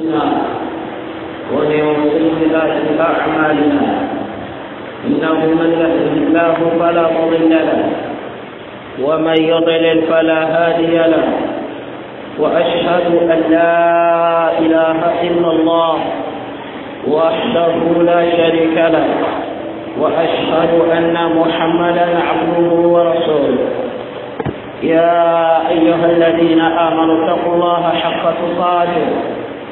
ومن إنه من الله فلا مضل له ومن يضلل فلا هادي له وأشهد أن لا إله إلا الله وحده لا شريك له وأشهد أن محمدا عبده ورسوله يا أيها الذين آمنوا اتقوا الله حق تقاته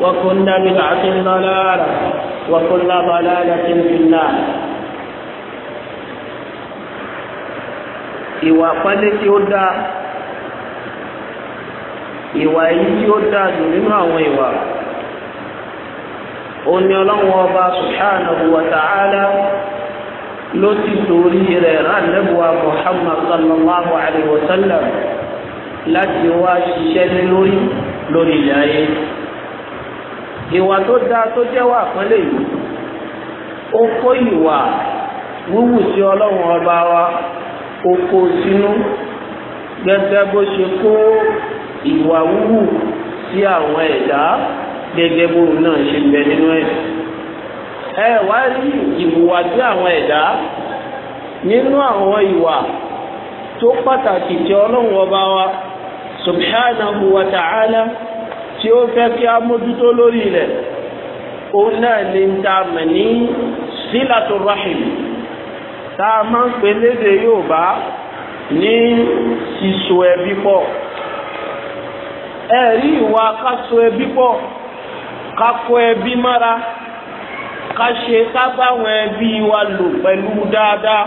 وكل بدعة ضلالة وكل ضلالة في النار ìwà pálí tí ó dáa ìwà yìí tí ó dáa jù nínú àwọn ìwà ó ní ọlọ́run ọba subhanahu wa ta'ala ló ti torí rẹ̀ rán lẹ́bùwà muhammad sallallahu alayhi wa sallam láti wá ṣiṣẹ́ lórí lórí ilẹ̀ ayé ìwà tó dáa tó jẹ́ wà yìí ó kó ìwà wíwù sí ọlọ́run ọba wa ó kó sínú gẹ́gẹ́ bó ṣe kó ìwà wíwù sí àwọn ẹ̀dá gẹ́gẹ́ bó náà ṣe bẹ nínú ẹ̀. ẹ wá rí ìwà sí àwọn ẹ̀dá nínú àwọn ìwà tó pàtàkì tí ọlọ́run ọba wa subhanahu wa ta'ala tí ó fẹ́ kí a mójútó lórí rẹ̀ òun náà ni ń ta mọ̀ ní sílàtò rahim tá a máa ń pè lédè Yorùbá ní síso ẹbí pọ̀ ẹ̀rí ìwà ká so ẹbí pọ̀ ká kó ẹbí mára ká ṣe ká báwọn ẹbí wa lò pẹ̀lú dáadáa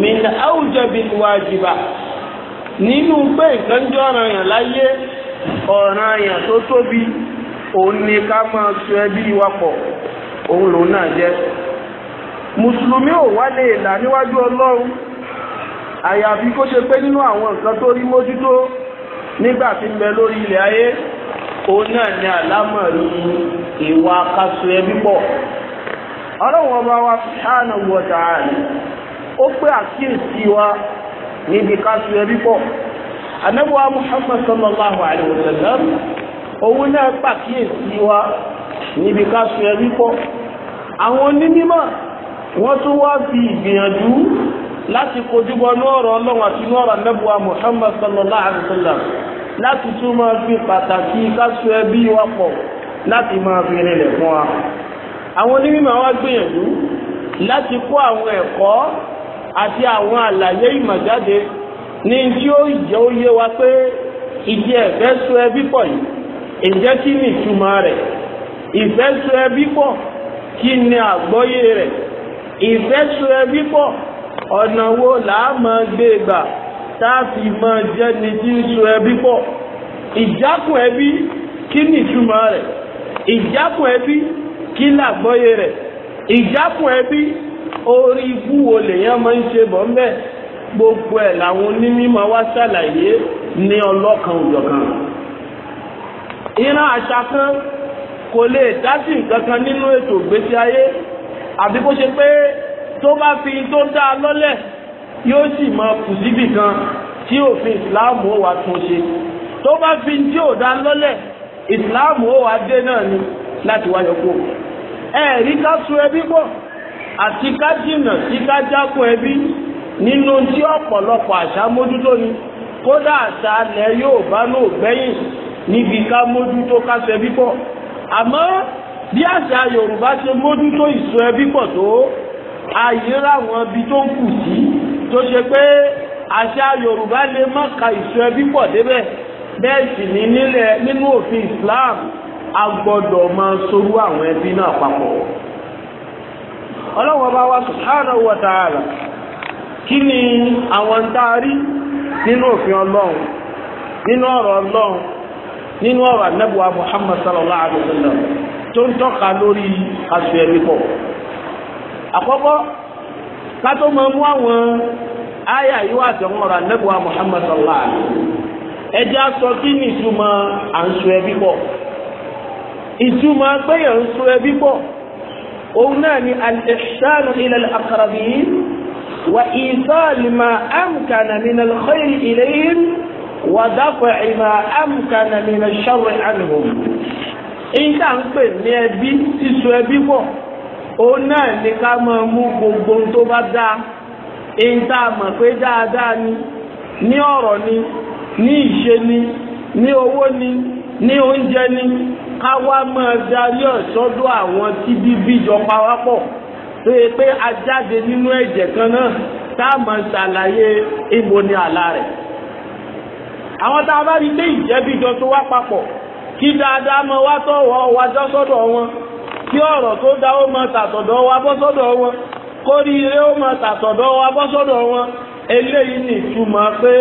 min awjabil wajiba nínú pé nǹkan jọ́ràn yàn láyé. ọ̀ràn àyàn tó tóbi òun ni ká máa sọ ẹbí wa pọ̀ òun lòun náà jẹ́ mùsùlùmí ò wá lè là níwájú ọlọ́run àyàfi kó ṣe pé nínú àwọn nǹkan tó rí mójútó nígbà tí ń bẹ lórí ilẹ̀ ayé òun náà ni àlámọ̀rí ìwà kaṣu ẹbí pọ̀ ọlọ́run ọba wa subhanahu wa ta'ala ó pé àkíyèsí wa níbi kaṣu ẹbí pọ̀. anabuwa muhammad sallallahu alayhi wa sallam òun náà pàkíyèsí wa níbi ká sọ ẹbí pọ̀ àwọn onímọ̀ wọ́n tún wá fi ìgbìyànjú láti kojúbọ lọ́rọ̀ ọlọ́run àti lọ́rọ̀ anabuwa muhammad sallallahu alayhi wa sallam láti tún máa fi pàtàkì ká sọ ẹbí wa pọ̀ láti máa fi rinlẹ̀ fún wa àwọn onímọ̀ wá gbìyànjú láti kó àwọn ẹ̀kọ́ àti àwọn àlàyé ìmọ̀ jáde ní tí ó yẹ ó yé wa pé ìdí ẹ̀fẹ́ so ẹbí pọ̀ yìí ǹjẹ́ kí ni ìtumọ̀ rẹ̀ ìfẹ́ so ẹbí pọ̀ kí ni àgbọ́yé rẹ̀ ìfẹ́ so ẹbí pọ̀ ọ̀nà wo làá máa gbé gbà táàfì máa jẹ́ ni tí ń so ẹbí pọ̀ ìjákùn ẹbí kí ni ìtumọ̀ rẹ̀ ìjákùn ẹbí kí làgbọ́yé rẹ̀ ìjákùn ẹbí orí ibú wo lèèyàn máa ń ṣe bọ̀ ń gbogbo ẹ̀ làwọn onímọ̀ wá ṣàlàyé ní ọlọ́kan òjọ̀kan ìran àṣà kan kò lè dá sí nǹkan kan nínú ètò ìgbésí ayé àbí kó ṣe pé tó bá fi tó dá a lọ́lẹ̀ yóò sì máa kù síbì kan tí òfin ìsìláàmù ó wà tún ṣe tó bá fi tí ò dá lọ́lẹ̀ ìsìláàmù ó wà dé náà ni láti wáyọ̀ kó ẹ̀rí ká so ẹbí pọ̀ àti ká jìnnà sí ká jákun ẹbí nínú tí ọ̀pọ̀lọpọ̀ àṣà mójútó ni kódà àṣà alẹ́ yóò bá lò gbẹ́yìn níbi ká mójútó kásẹ̀ bípọ̀ àmọ́ bí àṣà yorùbá ṣe mójútó ìsọ ẹbí pọ̀ tó ààyè ráwọn ibi tó kù sí tó ṣe pé àṣà yorùbá lè má ka ìsọ ẹbí pọ̀ débẹ̀ bẹ́ẹ̀ sì ní nílẹ̀ nínú òfin islam a gbọ́dọ̀ máa sorú àwọn ẹbí náà papọ̀ ọlọ́wọ́n bá wa subhanahu wa ta'ala. kí ni àwọn tá nínú òfin ọlọ́run nínú ọ̀rọ̀ ọlọ́run nínú ọ̀rọ̀ anábùwà Muhammad sallallahu alayhi wa sallam tó ń tọ́ka lórí aṣọ ẹ̀mí pọ̀ àkọ́kọ́ ká tó máa mú àwọn àyà yìí wà tó ń isu anábùwà Muhammad sallallahu alayhi wa sallam ẹjẹ́ aṣọ kí ni ìtumọ̀ ni وإيصال ما أمكن من الخير إليهم ودفع ما أمكن من الشر عنهم èyí tá à ń pè ní ẹbí sísọ ẹbí pọ̀ òun náà ní ká máa mú gbogbo ohun tó bá dáa èyí tá mọ̀ pé dáadáa ni ní ọ̀rọ̀ ni ní ìṣe ni ní owó ni ní oúnjẹ ni ká wá máa darí ẹ̀ àwọn tí bíbí jọ pa wá pọ̀. tó yẹ pé ajáde nínú ẹ̀jẹ̀ kan náà tá a máa ṣàlàyé ìbò ní àlá rẹ̀ àwọn tá a bá rí ilé ìjẹ́bíjọ tó wá papọ̀ kí dáadáa mọ wá tọ̀wọ́ wá jọ́ sọ́dọ̀ wọn kí ọ̀rọ̀ tó dá ó mọ tàtọ̀dọ̀ wá bọ́ sọ́dọ̀ wọn ilé ó tàtọ̀dọ̀ wá bọ́ sọ́dọ̀ wọn eléyìí ní ìtumọ̀ pé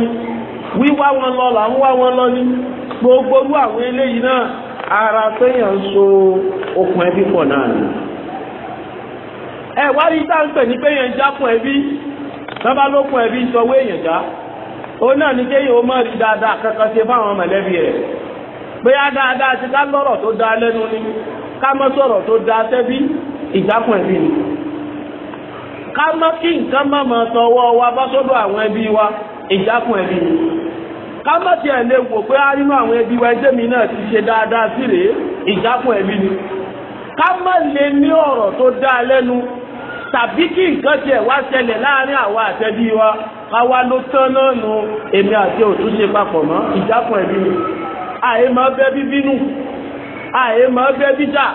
ni wíwá wọn lọ là ń wá wọn gbogbo irú àwọn eléyìí náà ara péyàn ń so okùn ẹbí pọ̀ náà ni. ẹ wá rí táǹpẹ̀ ní péyàn jápọ̀ ẹbí sábà lókun ẹbí sọ èèyàn já òun náà ní kéèyàn ó mọ̀ rí dáadáa kankan ṣe fáwọn mọ̀lẹ́bí rẹ̀ pé á dáadáa ti ká lọ́rọ̀ tó dáa lẹ́nu ni ká mọ́ sọ̀rọ̀ tó dáa sẹ́bí ẹbí ni ká mọ́ kí nǹkan mọ̀ wa bá àwọn ẹbí wa ẹbí ni. ká má ti ẹ̀ lè wò pé á nínú àwọn ẹbí wa ẹgbẹ́ mi náà ti ṣe dáadáa sí rèé ìjákùn ẹ̀mí ni ká má lè ní ọ̀rọ̀ tó dáa lẹ́nu tàbí kí nǹkan tiẹ̀ wá ṣẹlẹ̀ láàrin àwa àtẹbí wa ká wá ló tán náà nu èmi àti òtún ṣe papọ̀ mọ́ ìjákùn ẹ̀mí ni àyè máa bẹ́ bíbínú àyè máa bẹ́ bíjà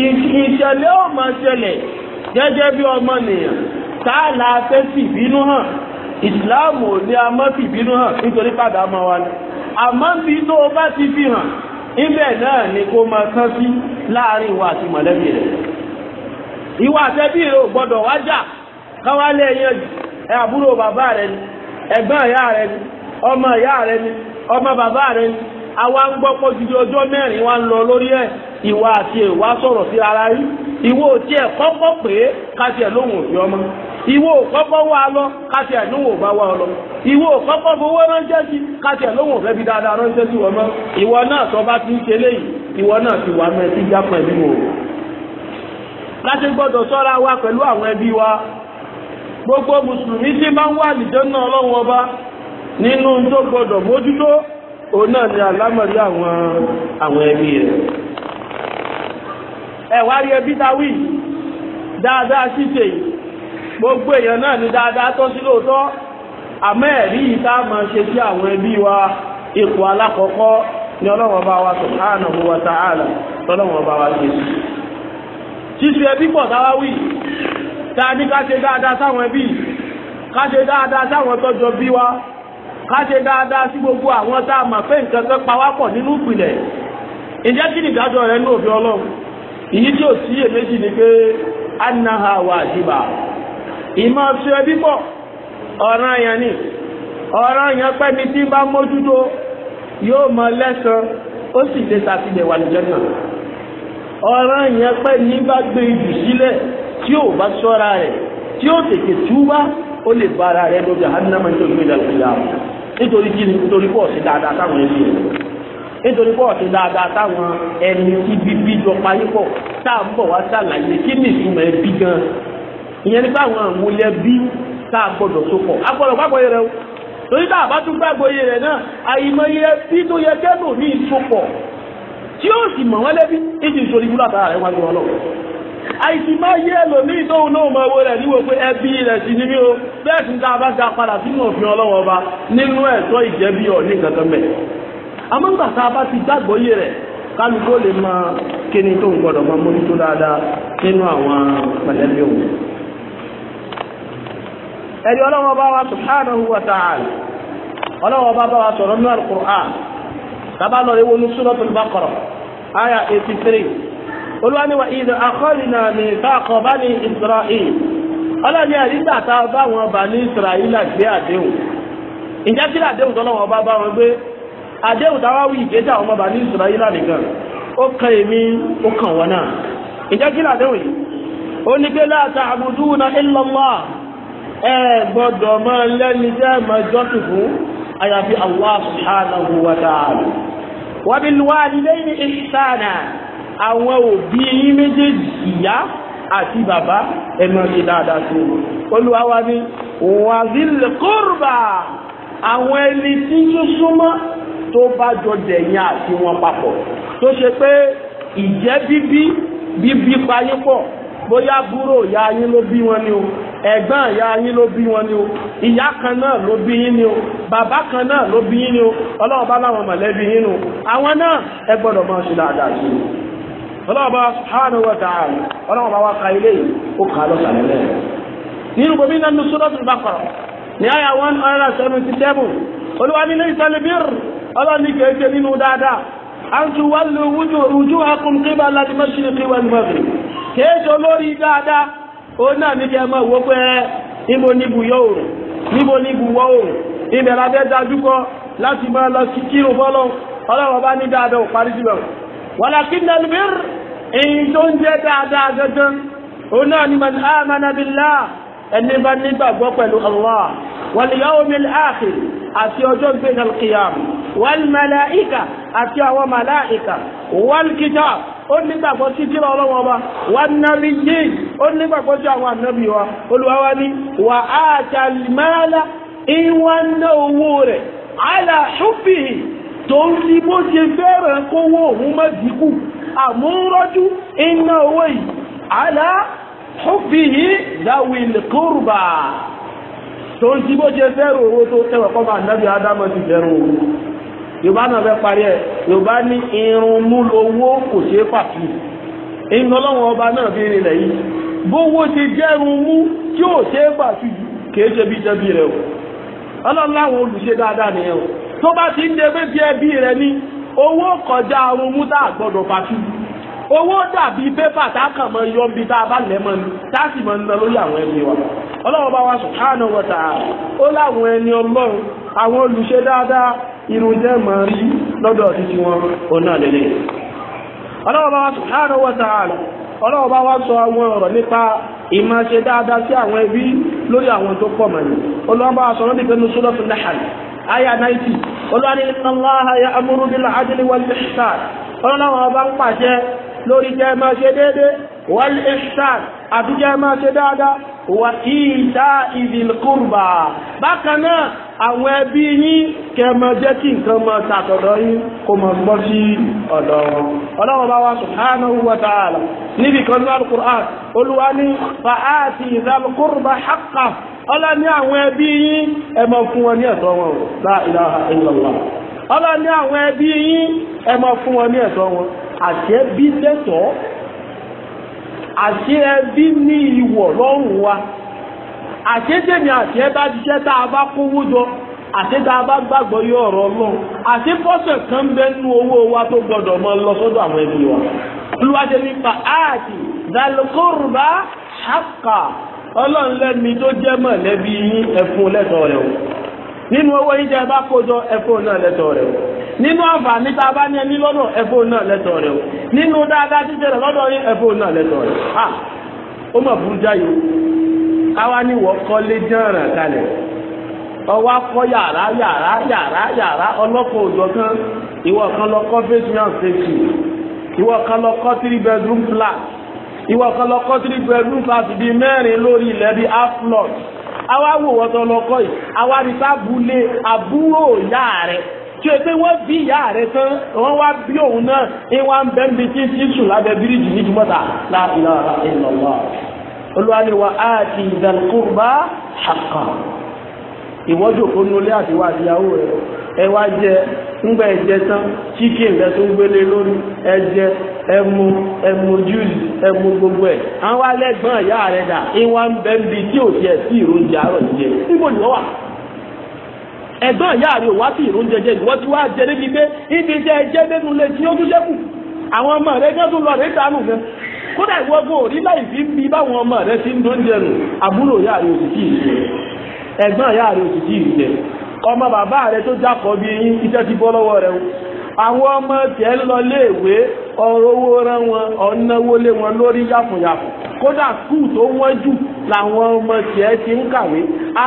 ìṣẹ̀lẹ̀ ò máa ṣẹlẹ̀ gẹ́gẹ́ bí ọmọ nìyàn tá a là á hàn ìsìláàmù ò ní a mọ́ fìbínú hàn nítorí padà mọ́ wa ni àmọ́ bí tó o bá ti fi hàn ibẹ̀ náà ni kó máa sán sí láàrin ìwà àti mọ̀lẹ́bí rẹ̀ ìwà àtẹ́bí rẹ̀ ò gbọ́dọ̀ wá jà káwálé ẹyẹ ẹ bàbá rẹ ni ẹ̀gbọ́n ìyá ni ọmọ ìyá ni ọmọ bàbá ni àwa ń gbọ́ pọ̀ jùlọ ọjọ́ mẹ́rin wa ń lọ lórí ẹ̀ ìwà àti ìwà sọ̀rọ̀ sí ara rí ìwọ òtí ẹ̀ kọ́kọ́ pé káti ẹ̀ lóhùn òfin ọmọ ìwọ òkọ́kọ́ wá lọ káti ẹ̀ lóhùn òbá wá lọ ìwọ òkọ́kọ́ fowó ránṣẹ́ sí káti ẹ̀ lóhùn òfẹ́ bí dáadáa ránṣẹ́ sí wọn mọ́ ìwọ náà tó bá ti ń ṣe léyìí ìwọ náà ti wà mọ́ ẹtí já pẹ̀lú o. láti gbọ́dọ̀ sọ́ra wa pẹ̀lú àwọn ẹbí wa gbogbo mùsùlùmí tí máa ń wà nìjọ́ ọlọ́run ọba nínú tó gbọ́dọ̀ mójútó O náà ni alámọ̀rí àwọn àwọn ẹbí rẹ̀ ẹ wá rí ẹbí tá wí dáadáa ṣíṣe gbogbo èèyàn náà ni dáadáa tọ́ sí lóòótọ́ àmọ́ ẹ̀rí yìí tá a máa ṣe sí àwọn ẹbí wa ipò alákọ̀ọ́kọ́ ni ọlọ́wọ́n bá wa subhanahu wa ta'ala tọ́lọ́wọ́n bá wa ṣe sí. ṣíṣe ẹbí pọ̀ táwa wí tá a ní ká ṣe dáadáa sáwọn ẹbí ká ṣe dáadáa sáwọn tọ́jọ bí wa. ká ṣe dáadáa sí gbogbo àwọn tá a mọ̀ pé nǹkan kan pa wá pọ̀ nínú ìpìlẹ̀ ǹjẹ́ kí ni ìdájọ́ rẹ ní òfin ọlọ́run ìyí tí ò sí èméjì ni pé annaha wajiba ìmọ̀ ṣe ẹbí pọ̀ ọ̀ràn yẹn ni ọ̀ràn yẹn tí bá mójútó yóò mọ lẹ́sàn ó sì lè ṣàtìlẹ̀ wà náà ọ̀ràn yẹn bá gbé sílẹ̀ tí ò bá ṣọ́ra rẹ̀ tí ó tètè túbá ó lè bá nítorí kí ni nítorí pọ̀ sí dáadáa táwọn ẹbí rẹ̀ nítorí pọ̀ sí dáadáa táwọn ẹni tí bíbí jọ payé pọ̀ tá à ń bọ̀ wá sàlàyé kí ni ìtumọ̀ ẹbí gan ìyẹn ní báwọn àmúlẹ̀ bí tá a gbọ́dọ̀ so pọ̀ a gbọ́dọ̀ gbàgbọ́ yẹrẹ o torí tá a bá tún gbàgbọ́ yẹrẹ náà àyìnbọyẹ bí tó yẹ kẹ́lò ní ìsopọ̀ tí ó sì mọ̀ wọ́n lẹ́bí ìjì ìsorí àìsí máa yé ẹlòmíì tóun náà mọ owó rẹ̀ níwò pé ẹbí rẹ̀ sì ní mí o sì ń ta bá padà sínú òfin ọlọ́wọ́ ọba nínú ẹ̀tọ́ ìjẹ́bí ọ̀ kankan mẹ́. tá a bá ti gbàgbọ́ yé rẹ̀ kálukó lè mọ kíni tó ń gbọdọ̀ mọ mójútó dáadáa nínú àwọn pẹ̀lẹ́bí òun. ẹ̀rí ọlọ́wọ́ bá wa ọlọ́wọ́ olúwaníwá ìdè akọ́rìnà ní ìfàkọ̀ bá ní Israel ọlọ́ni àdìgbà tá a bá wọn bá ní Israel àgbé àdéhùn ìjẹ́ kí àdéhùn tó lọ́wọ́ bá bá wọn gbé àdéhùn táwa wí ìgbésẹ̀ àwọn bá ní Israel nìkan ó kàn èmi ó kàn wọn náà ìjẹ́ kí àdéhùn yìí ó ní pé láta àbùdúnà ìlọ́mọ́ ẹ gbọ́dọ̀ máa lẹ́ni jẹ́ máa jọ́sìn fún àyàfi Allah subhanahu wa ta'ala wa bil walidayni ihsana àwọn òbí yín méjèèjì ìyá àti bàbá ẹ̀mọ́ ti dáadáa sí wọn. ní wazil kurba àwọn ẹni tí ń súnmọ́ tó bá jọ dẹ̀yìn àti wọn papọ̀ tó ṣe pé ìjẹ́ bíbí bíbí payé pọ̀ bóyá búrò ìyá yín ló bí wọn ni o ẹ̀gbọ́n ìyá yín ló bí wọn ni o ìyá kan náà ló bí yín ni o bàbá kan náà ló bí yín ni o ọlọ́run bá láwọn mọ̀lẹ́bí yín nu àwọn náà ẹ gbọ́dọ̀ máa ṣe dáadáa sí i ọlọ́ọ̀bá subhanahu wa ta'ala ọlọ́wọ́n bá wá ka ilé yìí ó kà á lọ́sàlẹ̀ lẹ́yìn. nínú bòmí náà ní suratul Baqara ní àyà one hundred and seventy seven olúwa ní laysal birr ọlọ́ọ̀ni kéèké nínú dáadáa àǹtí wàllu wujuhakum qibalal mashriqi wal maghrib kéèké olórí dáadáa òun náà ní kẹ́ mọ̀ wọ́pẹ́ níbo ní ibùyọ̀ òòrùn níbo ní ibùwọ̀ òòrùn ibẹ̀ la fẹ́ láti máa lọ sí kírun fọlọ́ ọlọ́wọ́ bá ní dáadáa walakin albir èyí tó ń jẹ́ dáadáa gangan òun náà ni man amana billah ẹni bá nígbàgbọ́ pẹ̀lú allah wal yawmil akhir àti ọjọ́ gbẹ̀dẹ̀ alqiyam wal malaika àti àwọn malaika wal kitab ó nígbàgbọ́ sí jíra ọlọ́wọ́ ọba wà nàbí yé ó nígbàgbọ́ sí àwọn ànábì wa olùwàwá ní wà á tàlímàlà ìwọ̀n náà owó rẹ̀ àlà hubbihi tó ń fi bó ṣe fẹ́ràn kówó òun má dínkù àmúrọ́jú iná owó yìí àlá hubbihi zawil qurba tó ń fi bó ṣe fẹ́ràn owó tó tẹ̀wọ̀ kọ́ máa nábì ádámọ̀ ti fẹ́ràn owó yorùbá náà fẹ́ parí ẹ̀ yorùbá ní irun mú lówó kò ṣeé pàtó ìnà ọlọ́wọ́n ọba náà fi rìnlẹ̀ yìí bówó ti jẹ́rùn mú tí ò ṣeé pàtó kìí ṣe bí jẹ́bi rẹ̀ o ọlọ́run láwọn olùṣe dáadáa nìyẹn o tó bá ti ń de pé bí ẹbí rẹ ní owó kọjá ohun mú tá a gbọ́dọ̀ pàtó owó dàbí pépà tá a kàn mọ yọ bí tá a bá lẹ̀ mọ́ ni tá a sì mọ nínú lórí àwọn ẹbí wa ọlọ́run bá wa subhanahu wa ta'ala ó láwọn ẹni ọlọ́run àwọn olùṣe dáadáa irun jẹ́ máa rí lọ́dọ̀ títí wọn ọ̀nà lélẹ̀ ọlọ́run bá wa subhanahu wa ta'ala ọlọ́run bá wá sọ àwọn ọ̀rọ̀ nípa ìmọ̀ ṣe dáadáa sí àwọn ẹbí lórí àwọn tó pọ̀ mọ̀ ní ọlọ́run bá sọ na pẹ̀lú sọ́dọ̀tún náhàlì àyà 90 ọlọ́run inna Allaha ya'muru bil adli wal ihsan ọlọ́run bá ń pàṣẹ lórí jẹ́ máa ṣe déédé wal ihsan àti jẹ́ máa ṣe dáadáa wà ìta ìdìl qurba bákan náà àwọn ẹbí yín kẹmọ jẹ́ kí nǹkan mọ sàtọ̀dọ̀ yín kò mọ̀ gbọ́ sí ọ̀dọ̀ wọn ọlọ́wọ́ bá wá subhanahu wa ta'ala níbi kan ní alukur'an olúwa ní fa'ati ìdálùkùrùbá haqqa ọlọ́ ní àwọn ẹbí yín ẹ mọ̀ fún wọn ní ẹ̀tọ́ wọn la ilaha illallah ọlọ́ ní àwọn ẹbí yín ẹ mọ̀ fún wọn ní ẹ̀tọ́ wọn àti ẹbí àtẹ́tẹ̀mí àti tá a bá kówó jọ àti tá a bá gbàgbọ́ yọ ọ̀rọ̀ ọlọ́run àti pọ́sẹ̀ kan bẹ́ nú owó wa tó gbọ́dọ̀ mọ́ lọ sọ́dọ̀ àwọn ẹbí wa. olùwàdé nípa áàtì dàlùkọ́rùbá ṣàkà tó jẹ́ yín ẹ̀fún o nínú owó yín jẹ́ bá kójọ ẹ̀fún náà o nínú àǹfààní tá bá ní ẹni o nínú dáadáa rẹ̀ lọ́dọ̀ yín ẹ̀fún náà o ó burú jáyé káwá ní wọ́n kọ́lé jẹ́ràn kalẹ̀ ọwọ́ akọ́ yàrá yàrá yàrá yàrá ọlọ́pàá òjò kan ìwọ kan lọ kọ́ basement safety ìwọ kan lọ kọ́ three bedroom flat ìwọ kan lọ kọ́ three bedroom flat bíi mẹ́rin lórí ilẹ̀ bíi half lot àwa wò wọ́n tó lọ kọ́ yìí àwa rí sábúlé àbúrò ìyá rẹ̀ tí o pé wọ́n bí ìyá rẹ̀ tán wọ́n wá bí òun náà ìwà ń bẹ́ẹ̀ bí tí ń sùn lábẹ́ bíríìjì níjùmọ́ta láàbìlà ìlọ́wọ́ olùwàní wa áàtì ìdàlùkùrbá ṣàkà ìwọ́jò onúlé àti wà àdíyàwó rẹ̀ ẹ wá jẹ ńgbà ẹjẹ tán chicken rẹ tó ń gbélé lórí ẹjẹ ẹmu ẹmu juice ẹmu gbogbo ẹ àwọn alẹ́gbọ́n ìyá rẹ̀ dà ìwà ń bẹ́ ń bi tí ò tiẹ̀ sí ìròyìn àárọ̀ yìí níbo ni wọ́n wà ẹ̀gbọ́n ìyá rẹ̀ wá sí ìròyìn jẹjẹ ìwọ́n ti wá jẹ débi pé ibi jẹ́ ẹjẹ́ nínú ilé tí ó tún jẹ́kù àwọn ọmọ rẹ̀ gán lọ rẹ̀ dànù gan kódà ìwọ gan ifi láì fi ń bi báwọn ọmọ rẹ ti ń dóúnjẹ nù àbúrò ìyá rẹ òsì tí ì jẹ rẹ òsì tí ọmọ bàbá rẹ tó àwọn ọmọ tiẹ̀ ń lọ léèwé ọ̀rọ̀ owó rán wọn ọ̀nàwó lé wọn lórí yàfùnyàfù kódà skul tó wọ́n jù làwọn ọmọ tiẹ̀ ti ń kàwé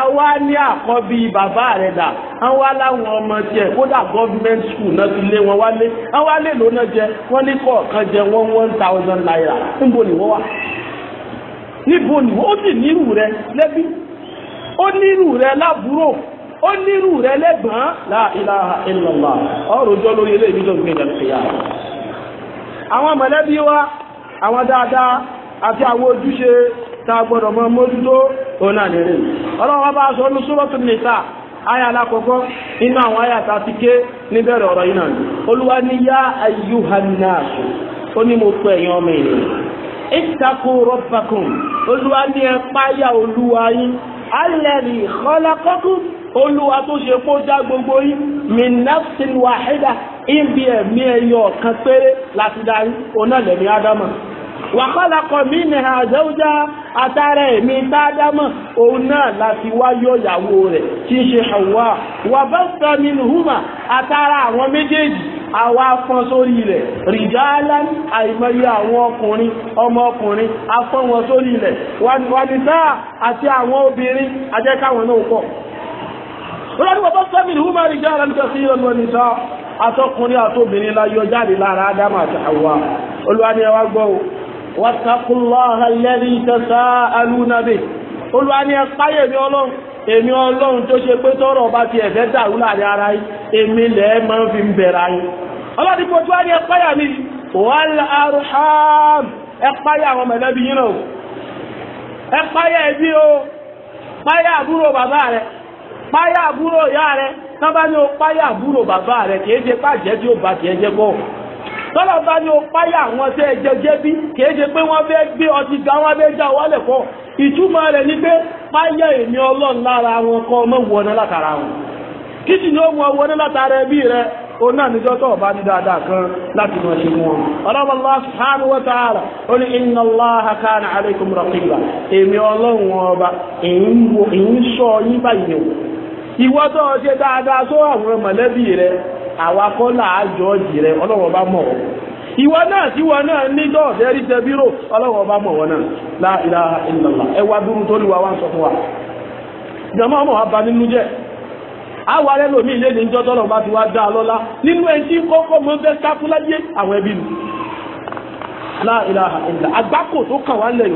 àwa ní àkọ́bí bàbá rẹ̀ dà àwa láwọn ọmọ tiẹ̀ kódà gọ́ọ̀mẹ̀ntì skul náà ti lé wọn wálé àwa lè ló náà jẹ wọ́n ní kọ̀ọ̀kan jẹ wọ́n one thousand naira níbo ni wọ́n wà níbo ni wọ́n ó sì nírù rẹ lẹ́bí ó nírù rẹ lábúrò ó nírú rẹ lẹ́gbọ̀n la ilaha illallah ọ̀rọ̀ òjọ́ lórí ilé ìbílẹ̀ òfin ìdàgbàsíyà. àwọn mọ̀lẹ́bí wa àwọn dáadáa àti àwọn ojúṣe tá a gbọ́dọ̀ mọ mójútó òun náà nìyẹn. ọlọ́wọ́ bá aṣọ ní sọ́lọ́tù nìta aya alákọ̀ọ́kọ́ inú àwọn aya tá a níbẹ̀rẹ̀ ọ̀rọ̀ yìí náà olúwa ní yá ayyuhannas ó ní mo pẹ́ ẹ̀yin ọmọ olúwa tó ṣe kó dá gbogbo yín min nafsin wahida ibi ẹ̀mí ẹyọ kan péré láti dá yín oná lẹ̀mí ádámà wa khalaqa minha zawja àtàrà ẹ̀mí tádámà òun náà láti wáyọ̀ ìyàwó rẹ̀ tí ń ṣe Hawa wa basta minhuma àtàrà àwọn méjèèjì àwa afọ́n sórí ilẹ̀ rìjálá àìmọye àwọn ọkùnrin ọmọ afọ́n wọn sórí ilẹ̀ wà àti àwọn obìnrin ajẹ́káwọn náà pọ̀ wọ́n ní wọ́n sẹ́mi ní húmọ́ àríjá rẹ̀ nípa sí ọ̀nà nìta atọ́kùnrin àtòbìnrin la jáde lára ádámù àti Hawa olùwàní ẹwà gbọ́ o wattaqullaha alladhi tasaaluna bihi olùwàní ẹ páyè ọlọ́run èmi ọlọ́run tó ṣe pé tọrọ ọba ti ẹ̀fẹ́ dàrú láàrin ara yìí èmi lẹ́ẹ̀ máa ń fi bẹ̀rẹ̀ ayé ọlọ́run ìpò tí wal àwọn páyà àbúrò ìyá rẹ tán bá ní o páyà àbúrò bàbá rẹ kì í ṣe pàjẹ́ tí ó bá tiẹ̀ jẹ́ bọ̀ tọ́lọ̀ bá ní o páyà àwọn bí kì í ṣe pé wọ́n fẹ́ gbé ọtí ga wọn fẹ́ já wálẹ̀ kọ́ ìtumọ̀ rẹ̀ ni pé páyà èmi ọlọ́run lára wọn kọ́ ọmọ wọná látara wọn kí sì ni ó wọn látara ẹbí rẹ òun náà níjọ́ tó kan láti mọ̀ ṣe mú allah subhanahu wa ta'ala ó ní alaykum ìwọ tó o ṣe dáadáa tó àwọn mọ̀lẹ́bí rẹ àwa kọ́ là jì rẹ ọlọ́wọ́ bá mọ̀ ọ́ ìwọ náà tí wọn náà ní dọ́ọ̀fẹ́ rí ṣe bírò ọlọ́wọ́ bá mọ̀ wọn náà la ilaha illallah dúró tó lùwà wá sọ fún wa ìjọba ọmọ wa ba nínú rẹ ilé ní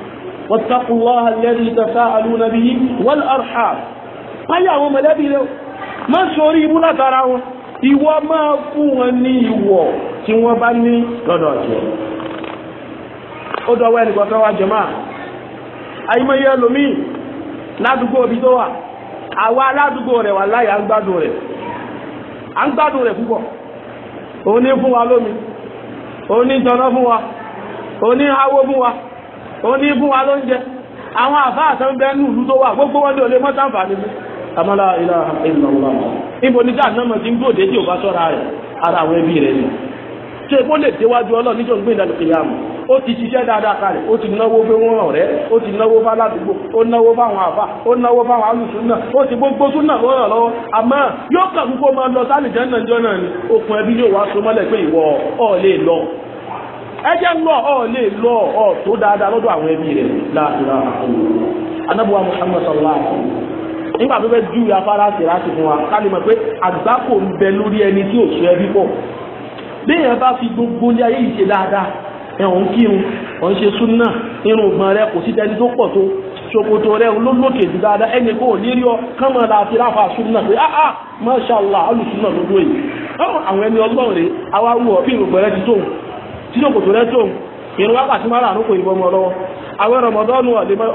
واتقوا الله الذي تساءلون به والأرحام payà àwọn mọ̀lẹ́bí rẹ̀ má sórí ibú látara wọn ìwọ máa fún wọn ní ìwọ̀ tí wọ́n bá ní lọ́dọ̀ jẹ́ ó dọ̀wọ́ ẹnìkan kan wá jẹ̀má àyímọ̀yé ẹlòmíì ládùúgbò òbí tó wà àwa an rẹ̀ wà láyà ń gbádùn rẹ̀ à ń gbádùn rẹ̀ ó ní fún wa ló ń jẹ àwọn àfa àtẹnudẹ ní ìlú tó wà gbogbo wọn ní olè mọ́tàǹfààní fún amala ilà ìlànà ibo ní káà nọmọ tí ń dúró déjì ò bá sọ́ra rẹ̀ ara àwọn ẹbí rẹ̀ ni ṣé epo lè déwájú ọlọ́ọ̀ níjọ́ ń ó ti ṣiṣẹ́ dáadáa kalẹ̀ ó ti náwó ti náwó bá ládùúgbò ó náwó àfà ó náwó ó ti gbogbo sún náà lọ́rọ̀ lọ́wọ́ àmọ́ yóò kàn kúkú máa lọ sálìjẹ́ náà jọ náà ni okùn ẹbí yóò wá so mọ́lẹ̀ pé ìwọ ọ̀ lè lọ eje lọ ọ lè lọ ọ tó dáadáa lọ́dọ̀ àwọn ẹbí rẹ̀ láàtúrà anábùwà Muhammad sallallahu nígbà tó fẹ́ ju afárá sèrásì fún wa ká lè pé àgbákò ń bẹ lórí ẹni tí ò sọ ẹbí pọ̀ bí fi gbogbo ilé ayé yìí ṣe dáadáa kírun ṣe súnà irun rẹ kò sí tẹni tó tó rẹ olólókè dáadáa ẹni kò ní ah ah masha allah alùsùnà àwọn ẹni ọ bí rẹ ti sínú kòtò rẹ tó ìrún wákàtí mara àrùkò ìbọn mọ lọ́wọ́ àwọn rọmọdọ́nù ọ̀lẹ́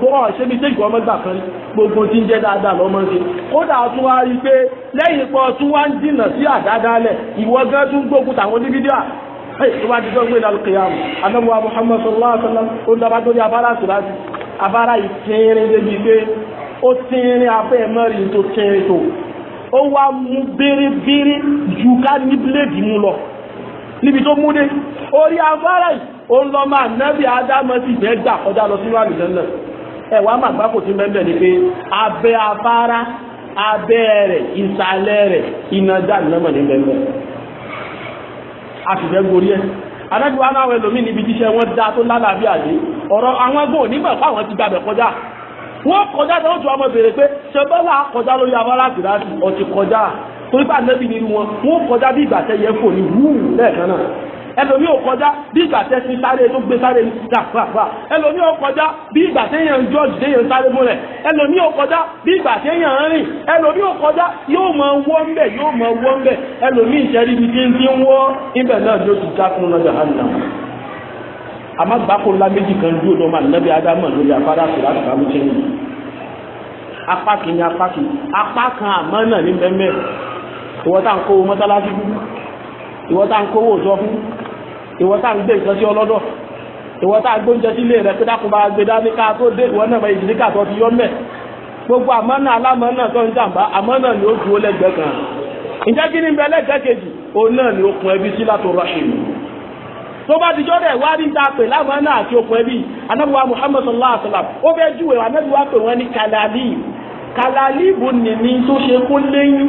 kò ọ̀ ṣe bí sẹ́yìn ọmọ gbà kan gbogbo tí ń jẹ́ dáadáa lọ́mọ ṣe kódà tún wá rí i pé lẹ́yìn pọ̀ tún wá ń dìnà sí àdádálẹ̀ ìwọ gan tún gbógun tàwọn oníbídíà tó bá ti gbọ́ pé lálùkè yàmù anábùwà Muhammad sallallahu alaihi wa sallam ó ń dábàá torí abára àtúrásì abára ìtẹ́rẹ́ débi pé ó tẹ́rẹ́ afẹ́ mẹ́rin tó tẹ́rẹ́ tó ó wá mú bérebére ju ká ní bíléèdì mú lọ níbi tó múdé orí afárá yìí ó ń lọ máa nẹ́bí adámọ́ sì fẹ́ gbà kọjá lọ sínú àlùjọ ẹ̀wà màgbá kò sí mẹ́mẹ́ ni pé abẹ́ afárá abẹ́ rẹ̀ ìsàlẹ̀ rẹ̀ iná jáde ní mẹ́mẹ́ a sì fẹ́ gorí ẹ̀ adájọ́ wa náà ẹlòmíì níbi jíṣẹ́ wọn dá tó lálàáfíà dé ọ̀rọ̀ àwọn agbóhùn onímọ̀ fáwọn ti gbàgbẹ́ kọjá wọ́n kọjá tó tún ọmọ béèrè pé ṣe bọ́lá kọjá lórí afárá tìrátì ọtí kọjá torí pé ànábì nínú wọn wọn ò kọjá bí ìgbà tẹ yẹ fò ní wúù lẹ́ẹ̀kan náà ẹlòmí ò kọjá bí ìgbà tẹ sí sáré tó gbé sáré gbàgbàgbà ẹlòmí ò kọjá bí ìgbà tẹ yẹn ń jọ́ọ̀jì tẹ yẹn ń sáré múlẹ̀ ẹlòmí ò kọjá bí ìgbà tẹ yẹn ń rìn ẹlòmí ò kọjá yóò mọ wọ́ ń bẹ̀ yóò mọ wọ́ ń bẹ̀ ẹlòmí ìṣẹ́rí ibi tí ń ti ń wọ́ ibẹ̀ náà ló ti dákun lọ́jọ́ hànà àmọ́ gbáko ńlá méjì kan dúró lọ́mọ ànábì ádámọ̀ lórí afárá àtúrà àtúrà ló ṣe ń apá kìíní apá kìíní apá kan àmọ́ náà ní bẹ́ẹ̀ ìwọ tá ń kówó mọ́tálásí fún ìwọ tá ń kówó òjọ fún ìwọ tá ń gbé nǹkan sí ọlọ́dọ̀ ìwọ tá ń gbóúnjẹ sí ilé rẹ pé dákun bá gbé ká tó dé ìwọ náà ìdílé kà ti yọ mẹ́ gbogbo àmọ́nà alámọ́nà tó ń jàǹbá àmọ́nà ni ó dúró lẹ́gbẹ̀ẹ́ kan ǹjẹ́ kí ni bẹ́ẹ̀ lẹ́gbẹ̀ẹ́ kejì òun náà ni okùn ẹbí sí látọ̀rọ̀ ìlú tó bá dijọ́ dẹ̀ wá rí ta pè lámàánà àti okùn ẹbí anábìwá muhammed sallallahu alayhi wa sallam ó fẹ́ júwèé anábìwá pè wọ́n ní kalali kalali bu nìní tó ṣe kó léyìn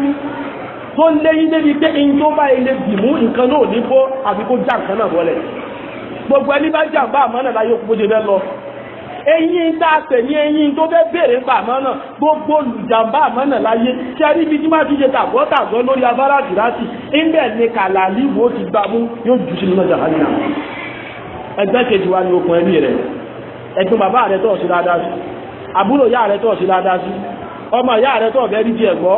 tó léyìn débi pé in tó bá ilé dìmú nǹkan náà ní bó àfi kó já nǹkan náà bọ́lẹ̀ gbogbo ẹni bá jà bá àmọ́ náà láyé òkú bójú bẹ́ẹ̀ lọ eyín tá a tẹ̀ ní eyín tó fẹ́ béèrè ń pa àmọ́ náà gbogbo olùjàmbá àmọ́ náà láyé tí a rí ibi tí máa fi ṣe tàbọ́ tàbọ́ lórí afárá gíláàsì ńbẹ̀ ni kàlàlí wo ti gbà mú yóò jù sínú náà jàmbá nínú ẹgbẹ́ kejì wa ni okùn ẹbí rẹ̀ ẹ̀gbọ́n bàbá rẹ̀ tọ̀ sí dáadáa sí àbúrò yá rẹ̀ tọ̀ sí dáadáa sí ọmọ yá rẹ̀ tọ̀ bẹ́ẹ̀ di ẹ̀gbọ́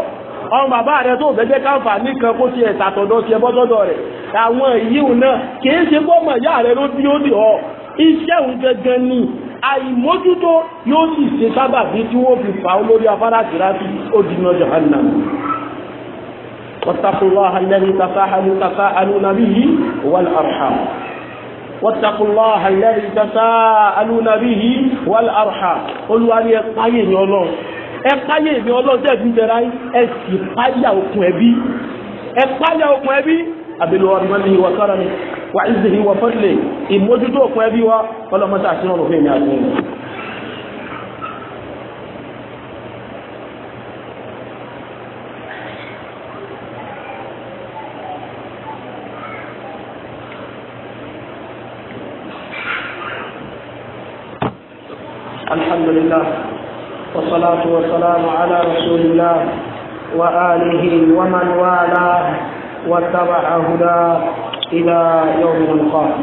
ọmọ bàbá rẹ tó fẹ́jẹ́ káfà nìkan kó ti ẹ̀sà tọ̀dọ̀ ti ẹbọ́sọ́dọ̀ rẹ̀ àwọn yíò náà kìí ṣe gbọ́mọ̀ ìyá rẹ ló bí ó dì ọ́ iṣẹ́ òun gangan ni àìmójútó yóò sì ṣe sábàbí tí wọ́n fi fà ó lórí afárá tìrápì ó di jahannam واتقوا الله الذي تساءلوا تساءلون ẹ páyà èmi ọlọ́dẹ bí jẹra ẹ sì páyà okùn ẹbí ẹ páyà okùn ẹbí abilu ọdúnmọ́lì wa sọ́ra ni wa ìzìhì wa fọ́lẹ̀ ìmójútó okùn ẹbí wa ọlọ́mọta àti ọ̀rọ̀ fún èmi الحمد والصلاة والسلام على رسول الله وآله ومن والاه واتبع هداه إلى يوم القيامة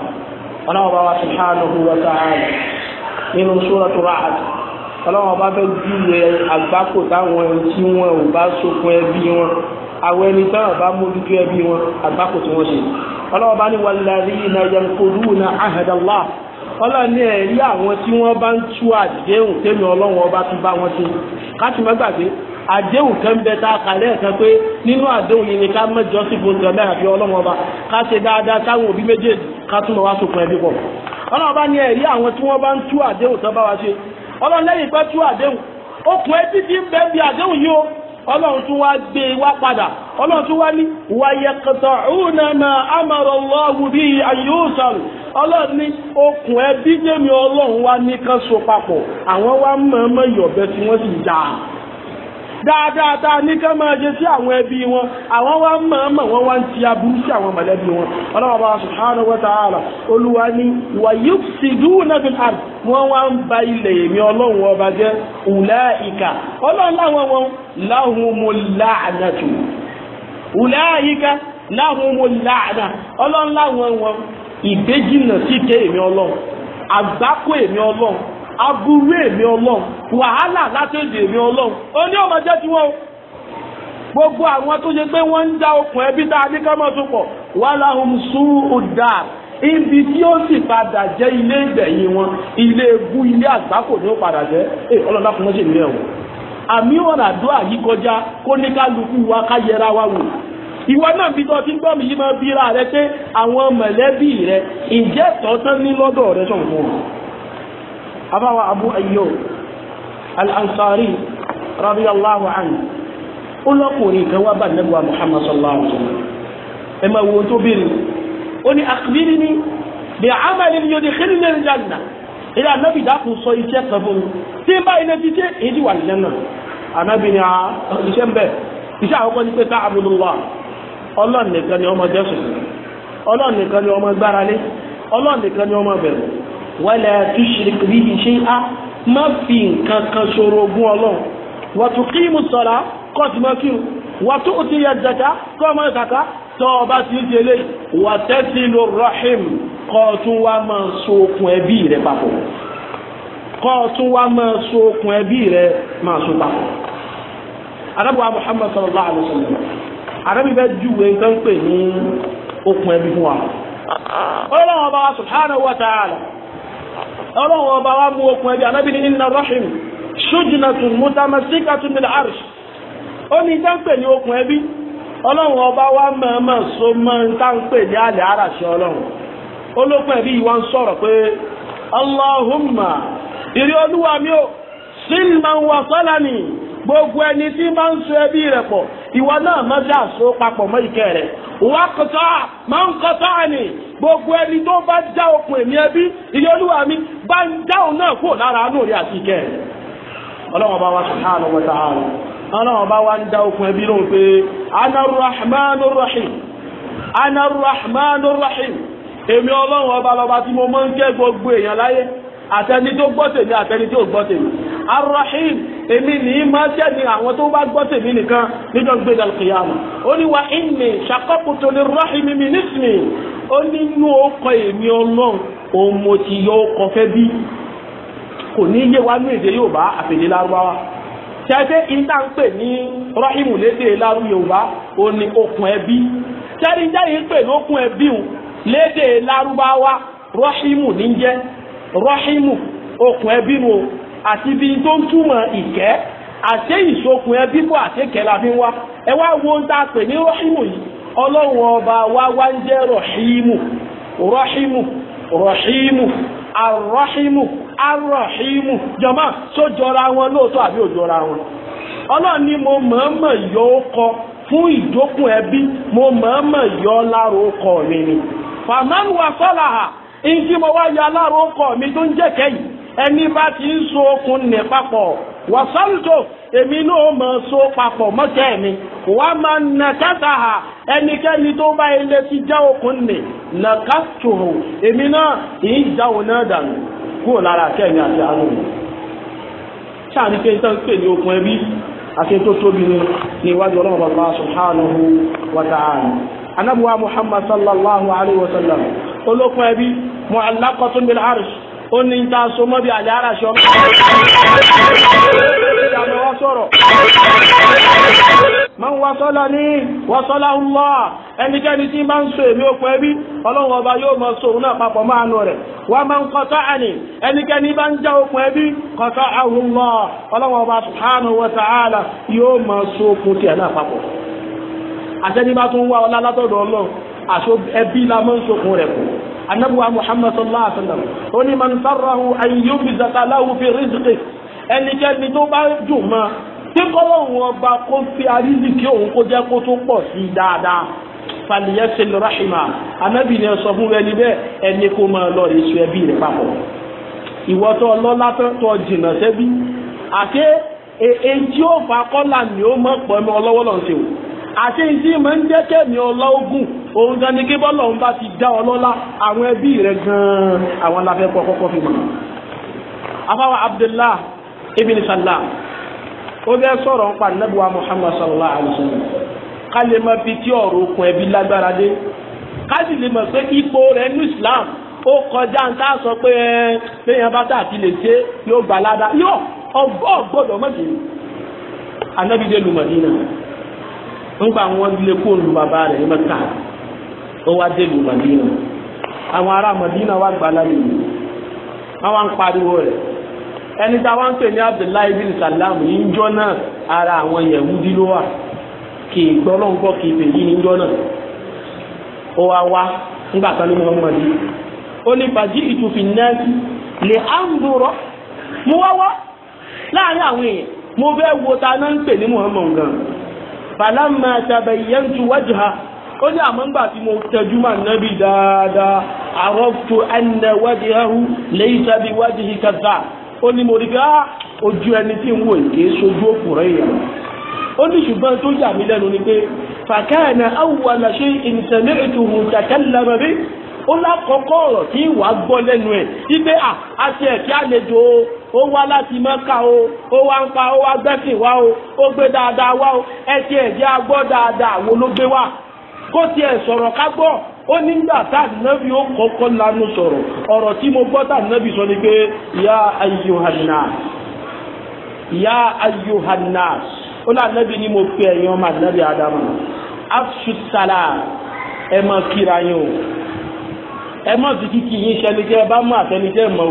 الله سبحانه وتعالى من سورة رعد ọlọ́wọ́n bá fẹ́ júwe àgbákò táwọn ẹni tí wọn ò bá sokun ẹbí wọn àwọn ẹni táwọn bá mójútó ẹbí wọn àgbákò tí wọ́n ṣe ọlọ́wọ́n bá ní wàlúùdàrí ìnàyẹ̀kọ̀lù náà àhẹ̀dàláà ọlọ́run ní ẹ̀rí àwọn tí wọ́n bá ń tú àdéhùn tẹ́mi ọlọ́run ọba tún bá wọn ṣe káàtì má gbàgbé àdéhùn kan bẹ tá a kà lẹ́ẹ̀kan pé nínú àdéhùn yìí ni ká mẹ́jọ sí gbòǹgàn mẹ́rin àfi ọlọ́run ọba ká ṣe dáadáa sáwọn òbí méjèèjì ká túnmọ̀ wá sókun ẹbí pọ̀ ọlọ́run ọba ní ẹ̀rí àwọn tí wọ́n bá ń tú àdéhùn tán bá wa ṣe ọlọ́run ọlọ́run tún wá gbé e wá padà ọlọ́run tún wá ní wàyẹ̀kọ̀tọ̀ọ́nà máa amara Allahu bihi an yusal ọlọ́run ní okùn ẹbí jẹ́mi ọlọ́run wá ní kan so papọ̀ àwọn wá mọ̀ọ́mọ̀ yọ̀bẹ tí wọ́n sì dáa. dáadáa tá a ní ká máa ṣe sí àwọn ẹbí wọn àwọn wá mọ̀ọ́mọ̀ wọn wá ń ti aburú sí àwọn mọ̀lẹ́bí wọn ọlọ́wọ́ bá subhanahu wa ta'ala olúwa wa yufsiduna fil ard wọn wá ń ba ilẹ̀ èmi ọlọ́run ọba jẹ́ ulaika ọlọ́run láwọn wọn ulaika lahumul la'na ọlọ́run láwọn wọn ìgbéjìnà sí ké èmi ọlọ́run àgbákò èmi ọlọ́run aburú èmi ọlọ́run wàhálà látòdì èmi ọlọ́run ó ní ọmọ jẹ́ o gbogbo àwọn tó ṣe pé wọ́n ń dá okùn ẹbí tá a ní ká mọ̀ ibi tí ó sì padà jẹ́ ilé ìgbẹ̀yìn wọn ilé egú ilé àgbákò ni ó padà jẹ́ ẹ ìlú àmì ọ̀nà àdúrà yìí kọjá kó ní wa ká yẹra wa wò ìwọ náà bí ti ń yìí máa bí ra rẹ pé àwọn mọ̀lẹ́bí أبوى أبو أيوب الأنصاري رضي الله عنه ọlọ́kùnrin kan wá bá nẹ́gbà Muhammad sallallahu alaihi wa sallam ẹ máa wo tó bèrè ó ní akhbirni bi amalin yudkhilni al-janna ilé anábì dákun sọ iṣẹ́ kan fún mi tí n bá iná ti ṣe èdè wà nílẹ̀ náà anábì ni iṣẹ́ ń bẹ̀ iṣẹ́ àkọ́kọ́ ni pé ta'budullah ọlọ́ọ̀nìkan ni ọmọ jẹ́sùn ọlọ́ọ̀nìkan ni ọmọ gbáralé ọlọ́ọ̀nìkan ni ọmọ bẹ̀rù wala tushrik bihi shay'a má fi nǹkan kan ṣorogún ọlọ́run wa tuqimu sala kọ́ ti mọ́ kírun wa tu'ti az-zaka kọ́ mọ́ ìkàkà tọ́ ọba ti ń ṣe lé wa tasilu rahim kọ́ tún wá máa so okùn ẹbí rẹ̀ papọ̀ kọ́ tún wá máa so okùn ẹbí rẹ̀ máa so papọ̀ arábùwá Muhammad sallallahu alayhi wa sallam arábì bẹ júwe nǹkan pè ní okùn ẹbí fún wa. ọlọ́run ọba subhanahu wa ta'ala. ọba wa mú okùn ẹbí anábì ní inna rahim ṣújìnàtún mutamassikatun bil arsh ó ní dáńpẹ̀ ní okùn ẹbí ọba wa mọ̀ọ́mọ̀ so mọ́ ń dáńpẹ̀ ní àlẹ́ àràṣẹ ọlọ́run olókùn ẹbí yìí wọ́n sọ̀rọ̀ pé allahumma ìrí mi gbogbo ẹni tó bá já okùn èmi ẹbí ilé olúwa mi bá ń já òun náà kúrò lára àánú rẹ̀ àti ìkẹ́ rẹ̀ ọlọ́wọ́n bá wá subhanahu wa ta'ala ọlọ́wọ́n bá wá ń já okùn ẹbí lóhùn pé anarrahmanur rahim anarrahmanur rahim èmi ọlọ́wọ́n ọba lọba tí mo máa ń kẹ́ gbogbo èèyàn láyé àtẹni tó gbọ́ tèmi àtẹni tó gbọ́ tèmi arrahim èmi nìyí máa ṣẹ́ni àwọn tó bá gbọ́ tèmi nìkan níjọ́ gbéra kìyàmù ó ní wa inni ṣàkọ́kùtò lè rahim mi nísìmì ó nínú ọkọ̀ èmi ọlọ́run òun ti yọ ọkọ̀ fẹ́ bí kò ní yé wa ní èdè Yorùbá àfèdè lárúbáwá ṣẹ́fẹ́ ìdá ń pè ní rahimu lédè lárú Yorùbá ó ní okùn ẹbí ṣẹ́ni jáde ń pè ní okùn ẹbí lédè lárúbáwá rahimu ní jẹ́ rahimu okùn ẹbí nu o àti ibi tó ń túmọ̀ ìkẹ́ àṣẹ ìṣokùn ẹbí la fi ń wá ẹ wo ń pè ní ọba wa wá ń jẹ́ rọ̀ṣímù rọ̀ṣímù rọ̀ṣímù àrọ̀ṣímù àrọ̀ṣímù jọmọ́ tó jọra wọn lóòótọ́ àbí jọra wọn ọlọ́run ni mo mọ̀ọ́mọ̀ yọ kọ fún ẹbí mo mọ̀ọ́mọ̀ yọ lára ó mi ni fàmánù wa sọ́làhà wá mi tó ń jẹ́kẹ́ ẹni bá ti ń so okun nì papọ̀ wọ́sọ́ǹtò èmi náà mọ̀ so papọ̀ mọ́tẹ́ mi wàá máa nà hà ẹnikẹ́ni tó bá ilé ti já okùn nì nà ká èmi náà kì í já òun náà dànù kúrò lára kẹ́mi àti àánú mi. sáà ní kéńtà ń pè ní okùn ẹbí àti tó tóbi ní níwájú ọlọ́run bàbá subhanahu wa anabuwa muhammad sallallahu alayhi wa sallam olókun ẹbí bil ó ní ta so mọ́ bí àlẹ́ ara ṣọ́ mọ́. ìlànà wa sọ̀rọ̀. máa ń wasọ́lá ní wasọ́lá ń lọ́ ẹnikẹ́ni tí máa ń so èmi òkun ẹbí ọlọ́run ọba yóò mọ so náà papọ̀ máa nù rẹ̀ wọ́n máa ń kọ́tọ́ àní ẹnikẹ́ni bá ń já òkun ẹbí kọ́tọ́ àhùn lọ́ ọba yóò so kun tiẹ̀ náà papọ̀. àtẹnibá wá ọlá látọ̀dọ̀ anabuwa muhammad sallallahu alaihi wa sallam ó ní man sarrahu an yubzaka lahu fi rizqi ẹnikẹ́ni tó bá jù mọ́ tí kọ́lọ́hún ọba kó fi arísìkí òun kó jẹ́ kó tó pọ̀ sí i dáadáa faliyasil rahima anabi ni sọ fún ẹni bẹ́ẹ̀ ẹni kó máa lọ rè ẹbí rẹ̀ papọ̀ ìwọ tó tó jìnnà sẹ́bí àti e, e èyí ó fa kọ́là ni ó mọ̀ pọ̀ mi ọlọ́wọ́ lọ́n ṣe àti ìdí máa ń jẹ́ kẹ́mi ọlá òun gan ni kí bọ́lá òun bá ti dá ọlọ́lá àwọn ẹbí rẹ̀ gan-an àwọn aláfẹ́kọ̀ọ́ kọ́kọ́ fi mọ̀. afáwa Abdullah ibn Salam ó fẹ́ sọ̀rọ̀ nípa nàbùwà Muhammad sallallahu alayhi wa sallam ká lè máa fi tí ọ̀rọ̀ okùn ẹbí lágbára dé ká sì lè mọ̀ pé ipò rẹ̀ ní Islam ó kọjá ń tá a sọ pé ẹ léèyàn bá tà àti lè ṣe yóò gbà ládàá yóò ọgbọ́ gbọ́dọ̀ mọ̀ sí i Madina ńgbà wọn lé kóòlù bàbá rẹ̀ ní Mẹ́kà ó wá délùú Màdínà àwọn ará Màdínà wá gbà lálẹ́ yìí àwọn ń pariwo rẹ̀ ẹni tá a wá ń pè ní Abdullahi bin Salam yìí ń jọ́ náà ara àwọn Yẹ̀wúdí ló wà kì í gbọ́ lọ́nkọ́ kì í pè yí ní ń jọ́ náà ó wá wá ńgbà kan ní Muhammadu ó ní fàájì ìtùfin náà lè á ń dúró mo wá wá láàrin àwọn èèyàn mo fẹ́ wo ta náà ń pè ní Muhammadu gan falamma tabayyantu wajha ó ní àmọ́ ńgbà tí mo tẹjú mọ́ nábì dáadáa àrọ́pù ẹnẹ wájú ẹhu lẹ́yìn sábì wájú yìí kẹta ó ní mo rí bí ah, ojú ẹni tí ń wò yìí sojú òkùnrin yẹn ó ní ṣùgbọ́n tó yà mí lẹ́nu ni pé fàkàna awwala shay'in sami'tuhu takallama bi ó lákọ̀ọ́kọ́ ọ̀rọ̀ tí wàá gbọ́ lẹ́nu ẹ̀ wípé àti ah, ẹ̀ kí àlejò ó wá láti mọ́kà o ó wá ń pa ó wá gbẹ́sìn wá o ó gbé dáadáa wá o ẹ ti ẹ̀ jẹ́ agbọ́ dáadáa wo ló gbé wá kó sọ̀rọ̀ ká gbọ́ ó ní nígbà tá ànábì lanu sọ̀rọ̀ ọ̀rọ̀ tí mo gbọ́ tá ànábì sọ ni pé ya ayyuhannas ya ayyuhannas ó ní ànábì ni mo pe ẹ̀yin ọmọ ànábì adamu afṣusala ẹ máa kíra yín o ẹ fi kíkì yín ẹ bá o.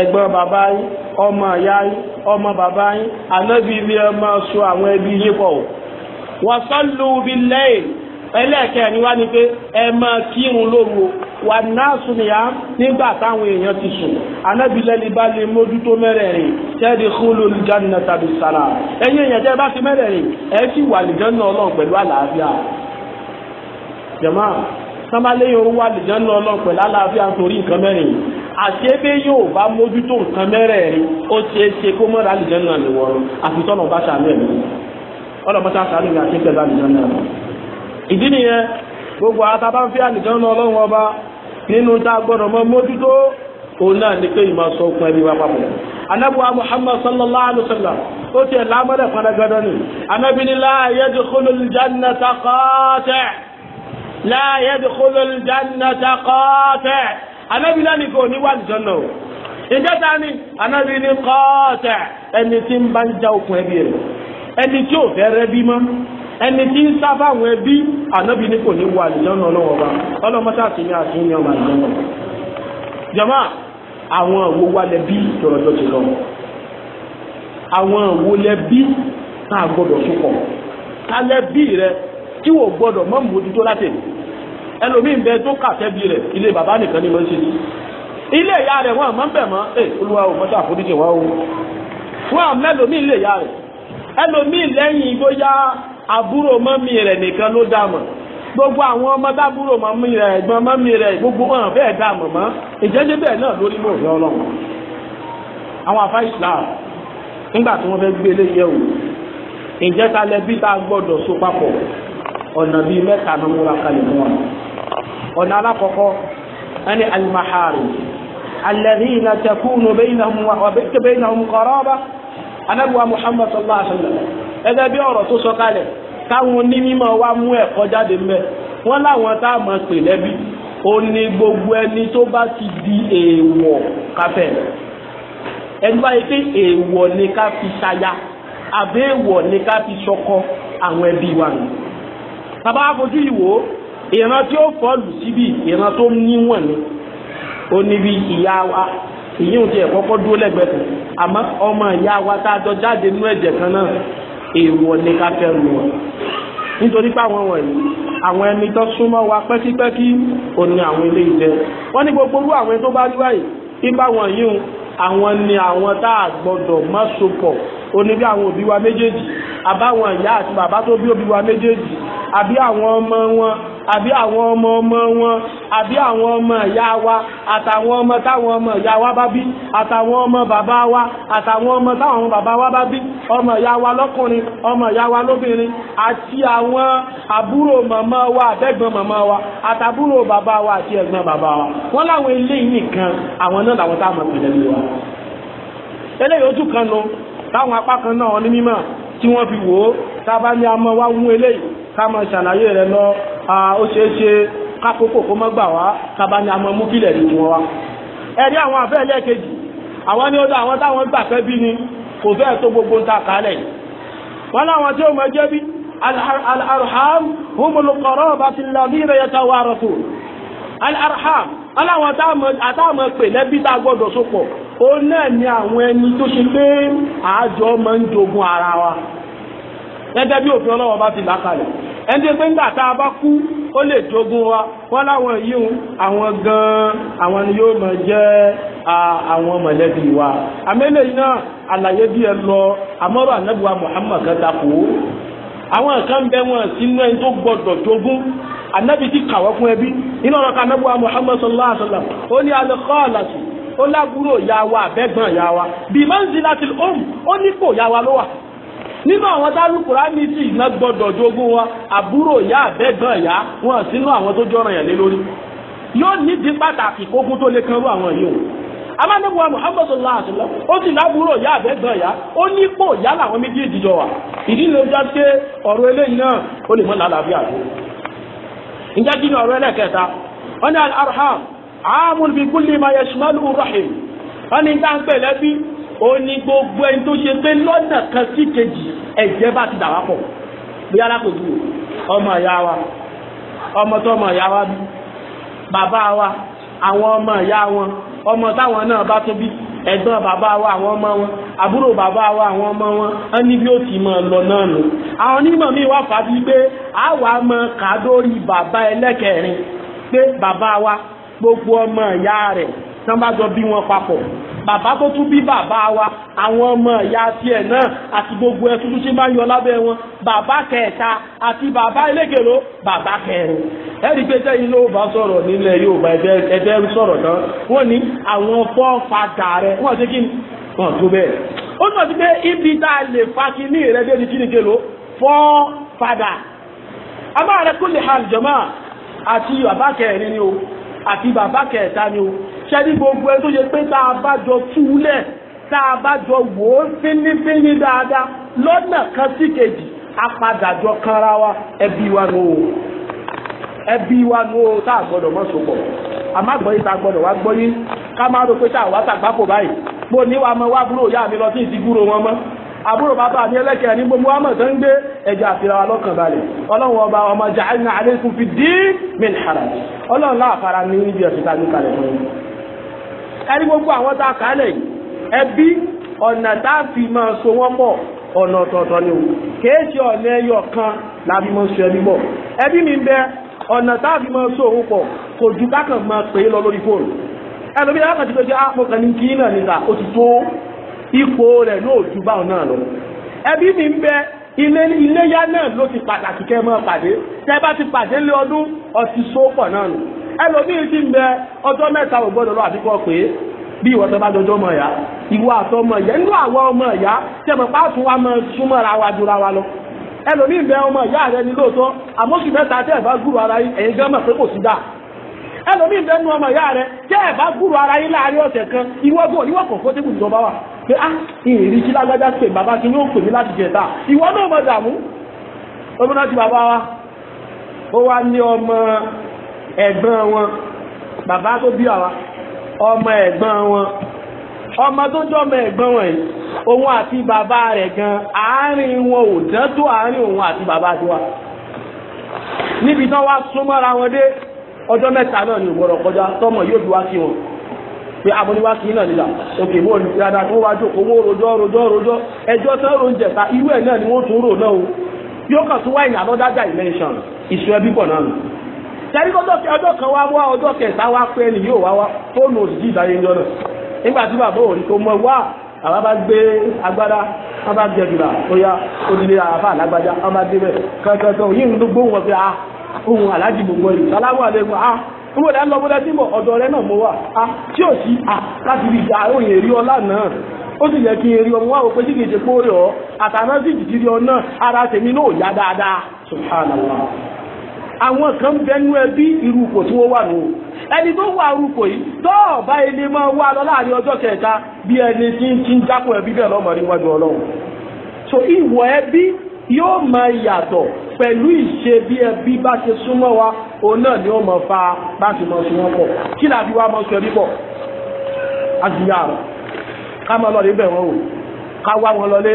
ẹ̀gbọ́n bàbá yín ọmọ ìyá yín ọmọ bàbá yín ànábì ilé ọmọ sọ àwọn ẹbí yín pọ̀ o. wọ́n sọ́lù bí lẹ́yìn ẹlẹ́ẹ̀kẹrin wá ni pé ẹ máa kírun lóru o wà náà sùn yá nígbà táwọn èèyàn ti sùn ànábì lẹ́ni bá lè mójútó mẹ́rẹ̀ẹ̀rin tẹ́ẹ̀dì kúlù lìjánná tàbí sàrà ẹ̀yin èèyàn tẹ́ bá ti mẹ́rẹ̀ẹ̀rin ẹ̀ sì wà lìjánná ọlọ́run pẹ̀lú àlàáfíà jẹ̀mọ́ sábàlẹ́yìn orúwà lìjánná ọlọ́run pẹ̀lú àlàáfíà nítorí nǹkan mẹ́rin yìí àṣebé yóò bá mójútó nǹkan mẹ́rẹ̀ẹ̀rin ó ṣe é ṣe kó mọ́ra àlùjẹ́ náà lè wọ̀rọ̀ àfi tọ́nà bá ṣàánú ẹ̀mí ọlọ́mọta ṣàánú ẹ̀mí àṣepẹ̀ bá àlùjẹ́ náà lọ. ìdí nìyẹn gbogbo àtàbá ń fi àlùjẹ́ náà ọlọ́run ọba nínú tá a gbọ́dọ̀ mọ mójútó òun náà ni pé ìmọ̀ sọ fún ẹbí wa papọ̀. anabuwa muhammad sallallahu alaihi wa sallam ó tiẹ̀ lámọ́lẹ̀ anabi lánìí kò ní wà lìjọ náà o ìjọ ta ni anabi ní kọ́ọ̀tẹ̀ ẹni tí ń bá ń já okùn ẹbí rẹ̀ ẹni tí ò fẹ́ rẹ́ bí mọ́ ẹni tí ń sá fáwọn ẹbí anabi ní kò ní wà lìjọ náà lọ́wọ́ bá ọlọ́mọta sì ni àti ní ọmọ àlùjọ náà jọ̀mọ́ àwọn òwò wa lẹbí lọ́rọ̀jọ́ ti lọ àwọn òwò lẹbí tá a gbọ́dọ̀ sùpọ̀ tá lẹbí rẹ tí wò gbọ́dọ̀ mọ́ ẹlòmíín bẹ tó kà sẹ́bi rẹ̀ ilé nìkan ni mo ń ṣe sí ilé ìyá rẹ̀ wọn àmọ́ ń ẹ olúwa ò àforíjì o wọ́n àmọ́ ẹlòmíín ilé elomi rẹ̀ ẹlòmíín lẹ́yìn bóyá àbúrò mọ́mí rẹ̀ nìkan ló gbogbo àwọn ọmọ dábúrò mọ́mí rẹ̀ gbogbo hàn bẹ́ẹ̀ dá mọ̀ mọ́ ìjẹ́jẹ́ bẹ́ẹ̀ náà lórí òfin àwọn afá Islam nígbà tí gbé tá a gbọdọ so papọ ọ̀nà bíi mẹ́ta ni wọ́n ra kalẹ̀ ọ̀nà alákọ̀ọ́kọ́ ẹni alimahari alladhina takunu baynahum qaraba anábíwá muhammad sallallahu ẹgbẹ́ bí ọ̀rọ̀ tó sọ kalẹ̀ táwọn onímọ̀ wa mú ẹ̀kọ́ jáde mbẹ́ wọ́n láwọn tá a máa pè lẹ́bí ó ní gbogbo ẹni tó bá ti di èèwọ̀ káfẹ́ ẹni pé èèwọ̀ ni ká fi ni ká fi àwọn ẹbí wa nù. ìran tí ó fọ́ọ̀lù síbi ìran tó níwọ̀n ni ó níbi ìyá wa ìyí òun ti ẹ̀ kọ́kọ́ dúró lẹ́gbẹ̀ẹ́ kan àmọ́ ọmọ ìyá wa tá a jọ jáde nínú ẹ̀jẹ̀ kan náà èèwọ̀ ni ká fẹ́ lu wọn nítorí pé àwọn wọ̀nyí àwọn ẹni tó súnmọ́ wa pẹ́kípẹ́kí òun ni àwọn ilé ìjẹ wọ́n ní gbogbo irú àwọn tó bá rí báyìí ipa wọ̀nyí o àwọn ni àwọn tá a gbọ́dọ̀ má so pọ̀ ó ní bí àwọn òbí wa méjèèjì àbáwọn ìyá àti bàbá tó bí òbí wa méjèèjì àbí àwọn ọmọ wọn àbí àwọn ọmọ ọmọ wọn àbí àwọn ọmọ ìyá wa àtàwọn ọmọ táwọn ọmọ ìyá wa bá bí àtàwọn ọmọ bàbá wa àtàwọn ọmọ táwọn ọmọ bàbá wa bá bí ọmọ ìyá wa lọ́kùnrin ọmọ ìyá wa lóbìnrin àti àwọn àbúrò màmá wa àtẹ̀gbọ́n màmá wa àtàbúrò bàbá wa àti ẹ̀gbọ́n bàbá wa wọ́n láwọn eléyìí nìkan àwọn náà làwọn táwọn ọmọ ìpìlẹ̀ wa eléyìí ojú kan nu táwọn apá kan náà ní mímọ̀ tí wọ́n fi wò ó tá a bá ní eléyìí ká máa ṣàlàyé rẹ̀ lọ ó ṣeé ṣe kákókò kó mọ́ gbà wá kábá ní amọ̀ múkìlẹ̀ ní wọn wa ẹ̀rí àwọn àfẹ́ ẹlẹ́ẹ̀kejì àwọn ni ó dá àwọn táwọn gbà fẹ́ bí ni kò fẹ́ tó gbogbo ń ta kálẹ̀ wọn láwọn tí ó mọ jẹ́ bí al-arham humul qarabati alladhina yatawarithun al-arham aláwọn àtàwọn pè lẹ́bí tá a gbọ́dọ̀ sopọ̀ ó náà ni àwọn ẹni tó ṣe pé àjọ máa ń jogun ara wa gẹ́gẹ́ bí òfin ọlọ́wọ́ bá ti là kalẹ̀ ẹni pé ńgbà tá a bá kú ó lè jogún wa wọ́n láwọn yíhun àwọn gan-an àwọn ni yóò máa jẹ́ àwọn mọ̀lẹ́bí wa àmẹ́lẹ̀ yìí náà àlàyé bí ẹ lọ àmọ́rọ̀ ànábùwà Muhammad kan takò àwọn kan bẹ wọn sínú ẹni tó gbọdọ̀ jogún ànábì ti kàwọ́ fún ẹbí nínú ọ̀rọ̀ kan ànábùwà Muhammad sallallahu alaihi wasallam ó ní al-khalatu ó lágbúrò ìyá wa àbẹ́gbọ̀n ìyá wa bí manzilatil um ó ní kò ìyá wa ló nínú àwọn tálùkùrá ní ti iná gbọ́dọ̀ jogún wọn àbúrò ìyá àbẹ́gbọ́n ìyá wọn sínú àwọn tó jọ́ràn yẹn lé lórí yóò nídìí pàtàkì kókún tó lè kanrú àwọn yìí o amánẹ́bù wa muhammadu laasila ó sì lábúrò ìyá àbẹ́gbọ́n ìyá ó ní kó ìyá làwọn méjèèjì jọ wà ìdí ló já pé ọ̀rọ̀ eléyìí náà ó lè mọ́ lálàáfíà tó ǹjẹ́ kí ni ọ̀rọ̀ ẹlẹ́kẹta wọ́n ní al-arham aamul bi kulli ma yashmalu rahim wọ́n ní dáńpẹ́ lẹ́bí ó ní gbogbo ẹni tó ṣe pé lọ́nà kan sí kejì ẹ̀jẹ̀ bá ti dà wá pọ̀ bí alákòóso ọmọ ìyá wa ọmọ tó ọmọ ìyá wa bí bàbá wa àwọn ọmọ ìyá wọn ọmọ táwọn náà bá tó bí ẹ̀gbọ́n bàbá wa àwọn ọmọ wọn àbúrò bàbá wa àwọn ọmọ wọn á ní bí ó ti máa lọ náà nù àwọn onímọ̀ mi wá fàá bíi pé a wà á mọ kàdórí bàbá ẹlẹ́kẹ̀rin pé bàbá wa gbogbo ọmọ ìyá rẹ̀ tán bá jọ bí wọn papọ̀ bàbá tó tún bí bàbá wa àwọn ọmọ ìyá tiẹ̀ náà àti gbogbo ẹtú tó ṣe máa ń yọ lábẹ́ wọn bàbá kẹta àti bàbá elékèló bàbá kẹrin ẹ̀rí pé sẹ́yìn ló bá sọ̀rọ̀ nílẹ̀ Yorùbá ẹ̀dẹ́ sọ̀rọ̀ tán wọ́n ní àwọn fọ́ padà rẹ̀ wọ́n ṣe kí wọ́n tó bẹ́ẹ̀ ó túnbọ̀ sí pé ibi tá a lè fa kíní ní kíní kèló fọ́ padà àmọ́ àrẹ ṣẹ́ni gbogbo ẹ tó yẹ pé tá a bá jọ túlẹ̀ tá a bá jọ wò ó fínífíní dáadáa lọ́nà kan sí kejì apadàjọ kanra wa ẹbí wa nù o ẹbí wa nù o tá a gbọ́dọ̀ mọ̀ sopọ̀ àmọ́ àgbọ̀yé tá a gbọ́dọ̀ wá ká ro pé tá mo ní wa mọ wá búrò mi lọ sí ìdígúrò wọn mọ́ àbúrò bàbá mi ẹlẹ́kẹ̀ẹ́ ní gbogbo wa mọ̀ tó ń gbé àfihàn wa lọ́kàn balẹ̀ ọlọ́run ọba ọmọ ẹni gbogbo àwọn tá a kà á lẹ̀ yìí ẹbí ọ̀nà tá a fi máa so wọ́n pọ̀ ọ̀nà ọ̀tọ̀ọ̀tọ̀ ni o kìí ṣe ọ̀nà ẹyọ kan la fi máa so ẹbí pọ̀ ẹbí mi bẹ ọ̀nà tá a fi máa so òun pọ̀ kò ju kákan máa pè é lọ lórí fóònù ẹlòmí náà kàn ti pé àpò ah, kan ní kí náà níta ti tó ipò ju báwọn náà lọ ẹbí mi bẹ ilé ya náà ló ti pàtàkì kẹ́ máa pàdé tẹ́ bá ti pàdé lé ọdún ẹlòmíì ti ń bẹ ọjọ́ mẹ́ta ò gbọ́dọ̀ lọ àdúgbò pé bí ìwọ tó bá ọmọ ìyá ìwọ àtọ́ ọmọ ìyá nínú àwọn ọmọ ìyá tí ẹ̀mọ̀ pàtó wa mọ súnmọ́ ara wa jura wa lọ ẹlòmíì bẹ ọmọ ìyá rẹ ara pé kò sí ẹlòmíì bẹ nu ọmọ ìyá rẹ ara ọ̀sẹ̀ kan ìwọ ìwọ ìjọba pé á ah, ìrìn sí lágbájá pé bàbá pè ẹ̀gbọ́n wọn bàbá tó bí àwa ọmọ ẹ̀gbọ́n wọn ọmọ tó jọ ọmọ ẹ̀gbọ́n wọn yìí òun àti bàbá rẹ̀ gan àárín wọn ò dán tó àárín òun àti bàbá níbi wá súnmọ́ra wọn dé ọjọ́ mẹ́ta náà ni tọmọ yóò fi wọn pé náà nílà òkè ní dáadáa tó wá jókòó tán o yóò kàn tún wá sẹ́rí ọjọ́ kan wá wá ọjọ́ kẹta wá pé ẹni yóò wá wá fóònù òsìsì ìdáyé ń jọ́nà nígbà tí bàbá òrí tó mọ wá àwa bá gbé agbádá wọn bá jẹ jùlọ àbá wọn bá yìí ń wọn ohun gbogbo yìí a ah, lọ ọ̀dọ̀ rẹ náà ah, tí ò sí ah, láti èrí ọlá náà ó sì yẹ ọ àtàná ara tèmi náà ò yá dáadáa àwọn kan bẹnu ẹbí irú ipò tí wọ́n wà nù ẹni tó wà arúkọ yìí tó ọba ilé máa wá lọ láàrin ọjọ́ kẹta bí ẹni tí ń ti ń jápọ̀ ẹbí bẹ́ẹ̀ lọ́mọ wájú ọlọ́run so ìwọ ẹbí yóò máa yàtọ̀ pẹ̀lú ìṣe bí ẹbí bá ṣe súnmọ́ wa òun náà ni ó mọ̀ fa bá ti mọ̀ sí wọn pọ̀ kí làbí wa mọ̀ sọ ẹbí pọ̀ àdìyà ká máa lọ lè bẹ̀ wọn o ká wá wọn lọlé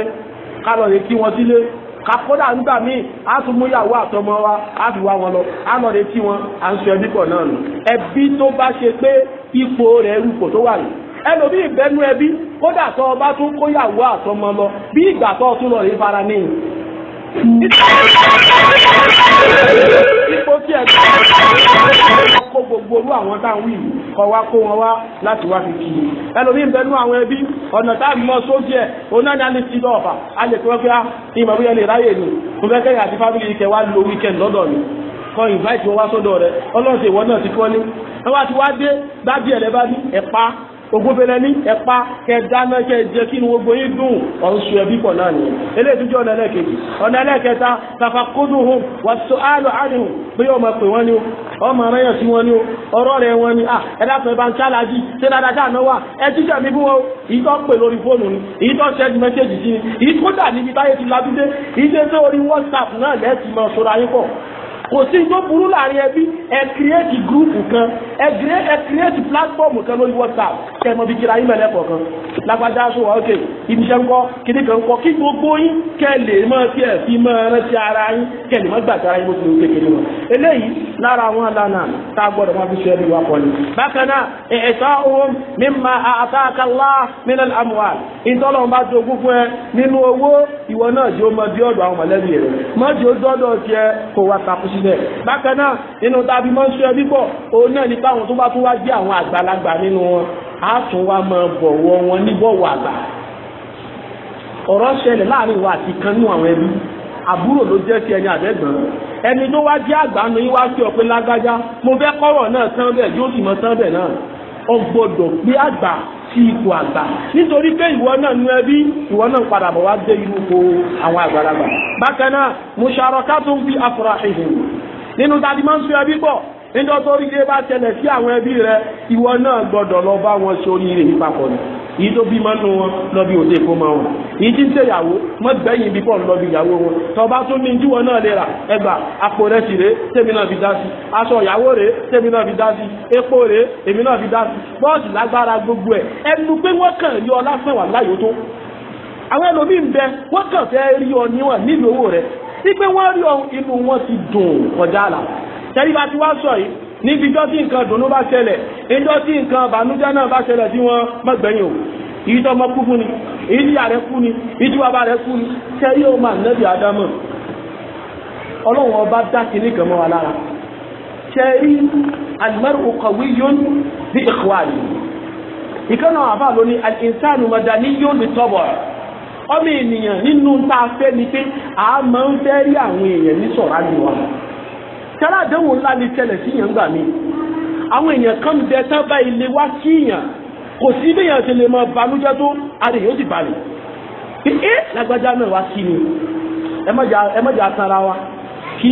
ká lọ lè kí wọn sílé kakọ́dà nígbà míì a tún mú ìyàwó àtọmọ wa a fi wá wọn lọ a lọ retí wọn à ń sọ ẹbí pọ̀ náà nù ẹbí tó bá ṣe pé ipò rẹ̀ rúpò tó wà yìí ẹlòmí ìbẹ́nu ẹbí kódà tó ọba tún kóyàwó àtọmọ lọ bí ìgbà tó tún lọ rí fara níyìn. ipò tí ẹ̀ kó gbogbo fi bẹnu àwọn ẹbí ọ̀nà tá a mọ sójú ẹ̀ onáni alẹ́ sí lọ́ọ̀fà a lè tọ́ ah, lè ráyè ni mo fẹ́ kẹ́yìn àti fábílì wá lo wíkẹ́ndì lọ́dọ̀ mi invite wọn wá sọ́dọ̀ rẹ ọlọ́sẹ̀ ògúnfẹlẹ ní ẹpa kẹdáná kẹjẹ kí ni gbogbo yín dùn ọ̀nṣù ẹbí pọ̀ náà nìyẹn eléyìí tó jẹ́ ọ̀nà ẹlẹ́ẹ̀kejì ọ̀nà ẹlẹ́ẹ̀kẹta tàfàkódù hùn wàṣọ àlọ àdìhùn pé ọmọ pè wọ́n ni ọmọ aráyàn sí wọn ni ọ̀rọ̀ rẹ̀ wọn ni ẹ̀dá fún ẹ̀bá ń ṣáláàjì ṣé dáadáa náà wà ẹ jíjà mi fún wọn èyí tó ń pè lórí fóònù ni èyí tó ń ṣẹ́jú mẹ́sẹ̀jì sí ni èyí kódà níbi báyé ti labídé èyí tó ń sọ orí WhatsApp náà lẹ́ẹ̀tì mọ́ ṣọ́ra yín pọ̀ kò sí tó burú láàrin ẹbí ẹ kírẹ́ẹ̀tì gúrúùpù kan ẹ kírẹ́ẹ̀tì pílátífọ́ọ̀mù kan lórí whatsapp kẹmọ bí kíra ìmẹ̀lẹ̀ kọ̀ọ̀kan lágbájá sọ wà ókè ibiṣẹ́ ńkọ́ kíní kan kọ́ kí gbogbo yín kẹ lè mọ tí ẹ fi mọ rántí ara yín kẹ lè mọ gbàgbé ara yín bó ti lè kékeré wọn. eléyìí lára àwọn lánàá tá a gbọ́dọ̀ wọn fi ṣe ẹbí wa kọ ni. bákan náà ẹ̀ẹ́tọ́ ohun mímọ àtàkàlá mílẹ̀ amwal ìtọ́lọ́ bá jogún fún ẹ nínú owó ìwọ náà jẹ́ ọmọ bí ọ̀dọ̀ àwọn mọ̀lẹ́bí rẹ̀ mọ́jọ́ dọ́dọ̀ tiẹ̀ kó wa takùsí sílẹ̀ bákan náà nínú tàbí mọ́ ṣe ẹbí bọ̀ òun náà ní báwọn tó bá tún wá jẹ́ àwọn àgbàlagbà nínú wọn á tún wá máa bọ̀wọ̀ wọn níbọ̀wọ̀ àgbà ọ̀rọ̀ ṣẹlẹ̀ láàrin wa àti kan nínú àwọn ẹbí àbúrò ló jẹ́ ti ẹni àbẹ́gbọ̀n ẹni tó wá jẹ́ àgbà nínú yín wá sí ọ̀pẹ lágbájá mo fẹ́ kọ́rọ̀ náà tán bẹ́ẹ̀ yóò sì mọ tán bẹ́ẹ̀ náà o gbọ́dọ̀ gbé àgbà sí ipò àgbà nítorí pé ìwọ náà nu ẹbí ìwọ náà padà bọ̀ wá dé irú ko àwọn àgbàlagbà bákan náà musharakatun fi afrahihim nínú tàbí máa ń sọ ẹbí pọ̀ nítorí pé bá tẹlẹ̀ sí àwọn ẹbí rẹ ìwọ náà gbọ́dọ̀ lọ bá wọn sórí rẹ̀ nípa pọ̀ náà yìí tó bí máa nù wọn lọ́bí òde kó máa wọn yìí tí ń tẹ ìyàwó mọ́ gbẹ̀yìn bí pọ́ùn lọ́bí ìyàwó wọn tọba tó ní jíwọ náà lè rà ẹgbà àpò rẹ sì rè tèmi náà fi dá sí aṣọ ìyàwó rè tèmi náà fi dá sí epo rè èmi náà fi dá sí bọ́ọ̀sì lágbára gbogbo ẹ̀ ẹnu pé wọ́n kàn yọ lásán wà láyò tó àwọn ẹlòmíín bẹ wọ́n kàn fẹ́ rí ọ níwọ̀n nílùú owó rẹ sí pé wọ́n rí ọ inú wọn ti dùn kọjá àlà tẹ́lifà tí wọ́n sọ yìí níbi ìjọ tí nǹkan dùnú bá ṣẹlẹ̀ ìjọ tí nǹkan bànújẹ́ náà bá ṣẹlẹ̀ tí wọ́n mọ̀gbẹ́yìn o èyí ọmọ kú fún ni èyí tí ààrẹ kú ni èyí tí bàbá rẹ kú ni ṣé yóò máa nẹ́bí àdámọ̀ ọlọ́run ọba dá kínní kan mọ́ wa lára ṣe rí almaru qawiyyun bi ikhwani ìkànnà àbá lóní al-insanu madaniyyun bi tab'a ọmọ ènìyàn nínú tá fẹ́ ni pé a máa ń fẹ́ rí àwọn èèyàn ní sọ̀rọ̀ àdìwọ̀n tẹ́lá àdéhùn ńlá ni tẹ́lẹ̀ sí yàn gbà mí àwọn èèyàn kan bẹ tán bá ilé wá sí yàn kò sí bí yàn ti lè mọ banújẹ́ tó ara yóò ti balẹ̀ pé é lágbájá náà wá sí ni ẹ mọ̀jà sanra wa kí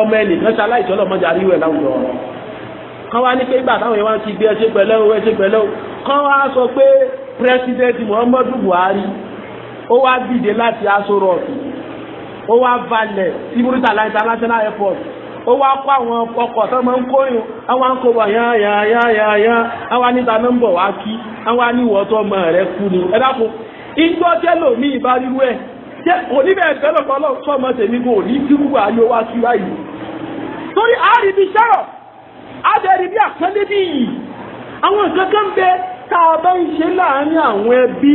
ọmọ ẹnìkan ṣe aláìsọ́ lọ́ọ́ mọ̀jà rí ìwẹ̀ láwùjọ kan wá ní pé ìgbà táwọn èèyàn wá ti gbé ẹṣẹ́ pẹ̀lẹ́ o ẹṣẹ́ pẹ̀lẹ́ o kan wá sọ pé pírẹsidẹ́ntì Muhammadu Buhari ó wá dìde láti aṣọ rọ̀ọ̀kì ó wá balẹ̀ sí Murtala International Airport ó wá kó àwọn ọkọ̀ tó máa ń kó yùn àwọn ya ya bọ̀ ya yán yán yán yán àwọn níta ló ń bọ̀ wá kí àwọn tó kú ni ẹ dákun ìjọ tẹ́lò ní ìbáríwú ẹ̀ jẹ́ oníbẹ̀ẹ́ tẹ́lò kọ́lọ́ sọ́mọ tèmi kò ní kí ayé wá sí báyìí torí àríbi sọ̀rọ̀ àbẹ̀rí bí àpẹ́lẹ́ bí yìí àwọn nǹkan bẹ tá a bá ń ṣe láàárín àwọn ẹbí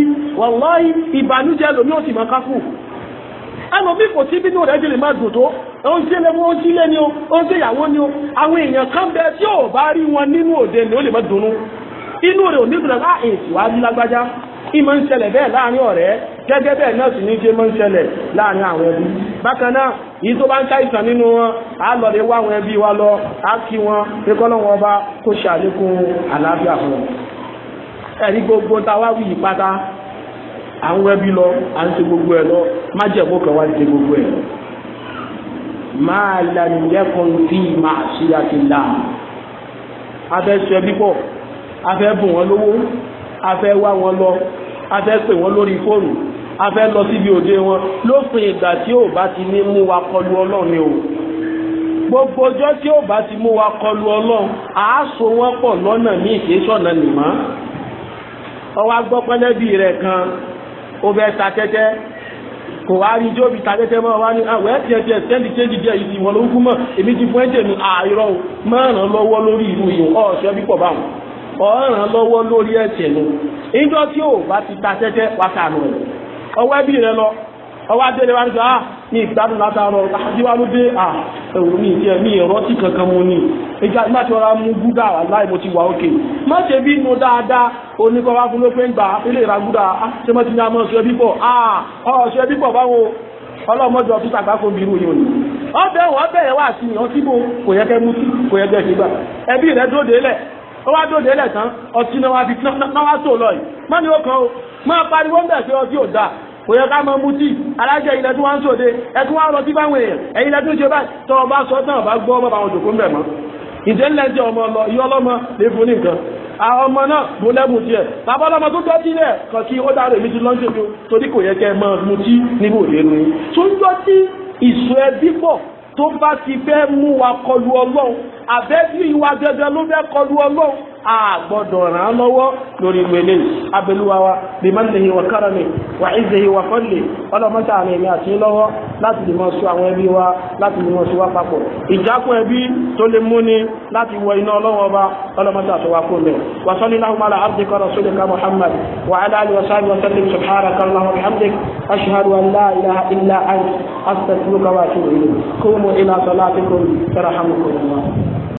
ẹlòmíì kò sí bínú rẹ̀ jìnlẹ̀ máa dùn tó ó ń sílẹ̀ ó ń sílẹ̀ ni ó ó ń ṣèyàwó ni ó àwọn èèyàn kan bẹ tí ò bá rí wọn nínú òde ni ó lè má dunnú inú rẹ̀ ò ní dùn náà ah, èsì wá rí lágbájá ìmọ̀ ń ṣẹlẹ̀ bẹ́ẹ̀ láàrin ọ̀rẹ́ gẹ́gẹ́ bẹ́ẹ̀ náà sì ní jẹ́ mọ́ ń ṣẹlẹ̀ láàrin àwọn ẹbí bákan náà yìí tó bá ń ṣàìsàn nínú wọn á lọ lè wá àwọn ẹbí wa lọ á kí wọn pé kọ́lọ́wọ́n ọba kó ṣàlékún àlàáfíà fún wọn ẹ̀rí gbogbo táwa wí yìí pátá à ń wẹ́bí lọ à ń ṣe gbogbo ẹ̀ lọ májẹ̀mú kan wá ṣe gbogbo ẹ̀ máa lànìyẹ́kan fi máa ṣe àti là afẹ́ sọ ẹbí pọ̀ afẹ́ bùn wọn lówó afẹ́ wá wọn lọ afẹ́ pè wọn lórí fóònù afẹ́ lọ síbi òde wọn lópin ìgbà tí ò bá ti ní mú wa kọlu ọlọ́run ni o gbogbo ọjọ́ tí ò bá ti mú wa kọlu ọlọ́run àásò wọn pọ̀ lọ́nà ní ìṣesọ̀nà nìmọ́ ọwọ́ agbọ́pẹ́lẹ́bí rẹ̀ kan ó bẹ́ ta tẹ́tẹ́ kò wá rí jóbi ta tẹ́tẹ́ mọ́ wá ní àwẹ̀ ah, tiẹ̀ tiẹ̀ sẹ́ndì kéjì díẹ̀ yìí ìwọ̀n ló ń kú èmi ti fún mi ah, lórí ìlú yìí ọ̀ṣẹ́ bí pọ̀ báwọn lórí ẹ̀ṣẹ̀ nu ìjọ ọwọ́ adélé wa ń sọ ah ní ìgbádùn látàárọ̀ àdíwálú dé ah ẹ̀wọ̀n mi ìdí ẹ̀rọ tí kankan mu ni ìjà nígbà tí wọ́n ra mú gúdà láì mo ti wà òkè má ṣe bí nu dáadáa oníkọ́ wa fún ló gbà ilé ìra gúdà ah ṣé mo ti ní amọ̀ ṣe bíbọ̀ ah ọ̀ ṣe bíbọ̀ báwo ọlọ́mọdé ọtún sàgbáfò bí irú yìí ọbẹ̀ wọ́n bẹ̀rẹ̀ wá sí ìyàn síbò kò yẹ kẹ́ mú sí kò yẹ kẹ́ sígbà ẹbí rẹ̀ dóde lẹ̀ ó wá dóde lẹ̀ tán ọtí náà kò yẹ ká mọ mutí alájẹ ilẹ̀ tí wọ́n ń sòde ẹtún wọn lọ sí báwọn èèyàn ẹ̀yin lẹ́tún ṣe báyìí tọ́ ọba sọ tán ọba gbọ́ ọmọ báwọn jòkó ń bẹ̀ mọ́ ìjẹ́lẹ̀ ti ọmọ lọ iye ọlọ́mọ lè fún ní nǹkan àwọn ọmọ náà mú lẹ́bùn tiẹ̀ bàbá ọlọ́mọ tó tọ́ sílẹ̀ kàn kí ó dára èmi ti lọ́njẹ́ mi torí kò yẹ kẹ́ ẹ máa mutí níbo ìlénu yín tó ń jọ sí ìsọ ẹbí pọ̀ tó bá ti fẹ́ mú wa kọlu ọlọ́run àbẹ́bí ìwà gẹ́gẹ́ ló fẹ́ kọlu ọlọ́run àgbọ̀dọ̀ ràn án lọ́wọ́ lórí ìwé lè abẹ́lúwawa bí mọ́tìlẹ̀ yìí wà kárọ̀ mi wà ìzẹ̀ yìí wà fọ́lẹ̀ ọlọ́mọta àmì ẹ̀mí àti lọ́wọ́ láti lè mọ sọ àwọn ẹbí wa láti lè mọ sọ wá papọ̀ ìjákùn ẹbí tó lè mú láti wọ iná ọlọ́wọ́ bá ọlọ́mọta àti wà kó mẹ́ wà sọ́ni láhùmálà abdika rasulika muhammad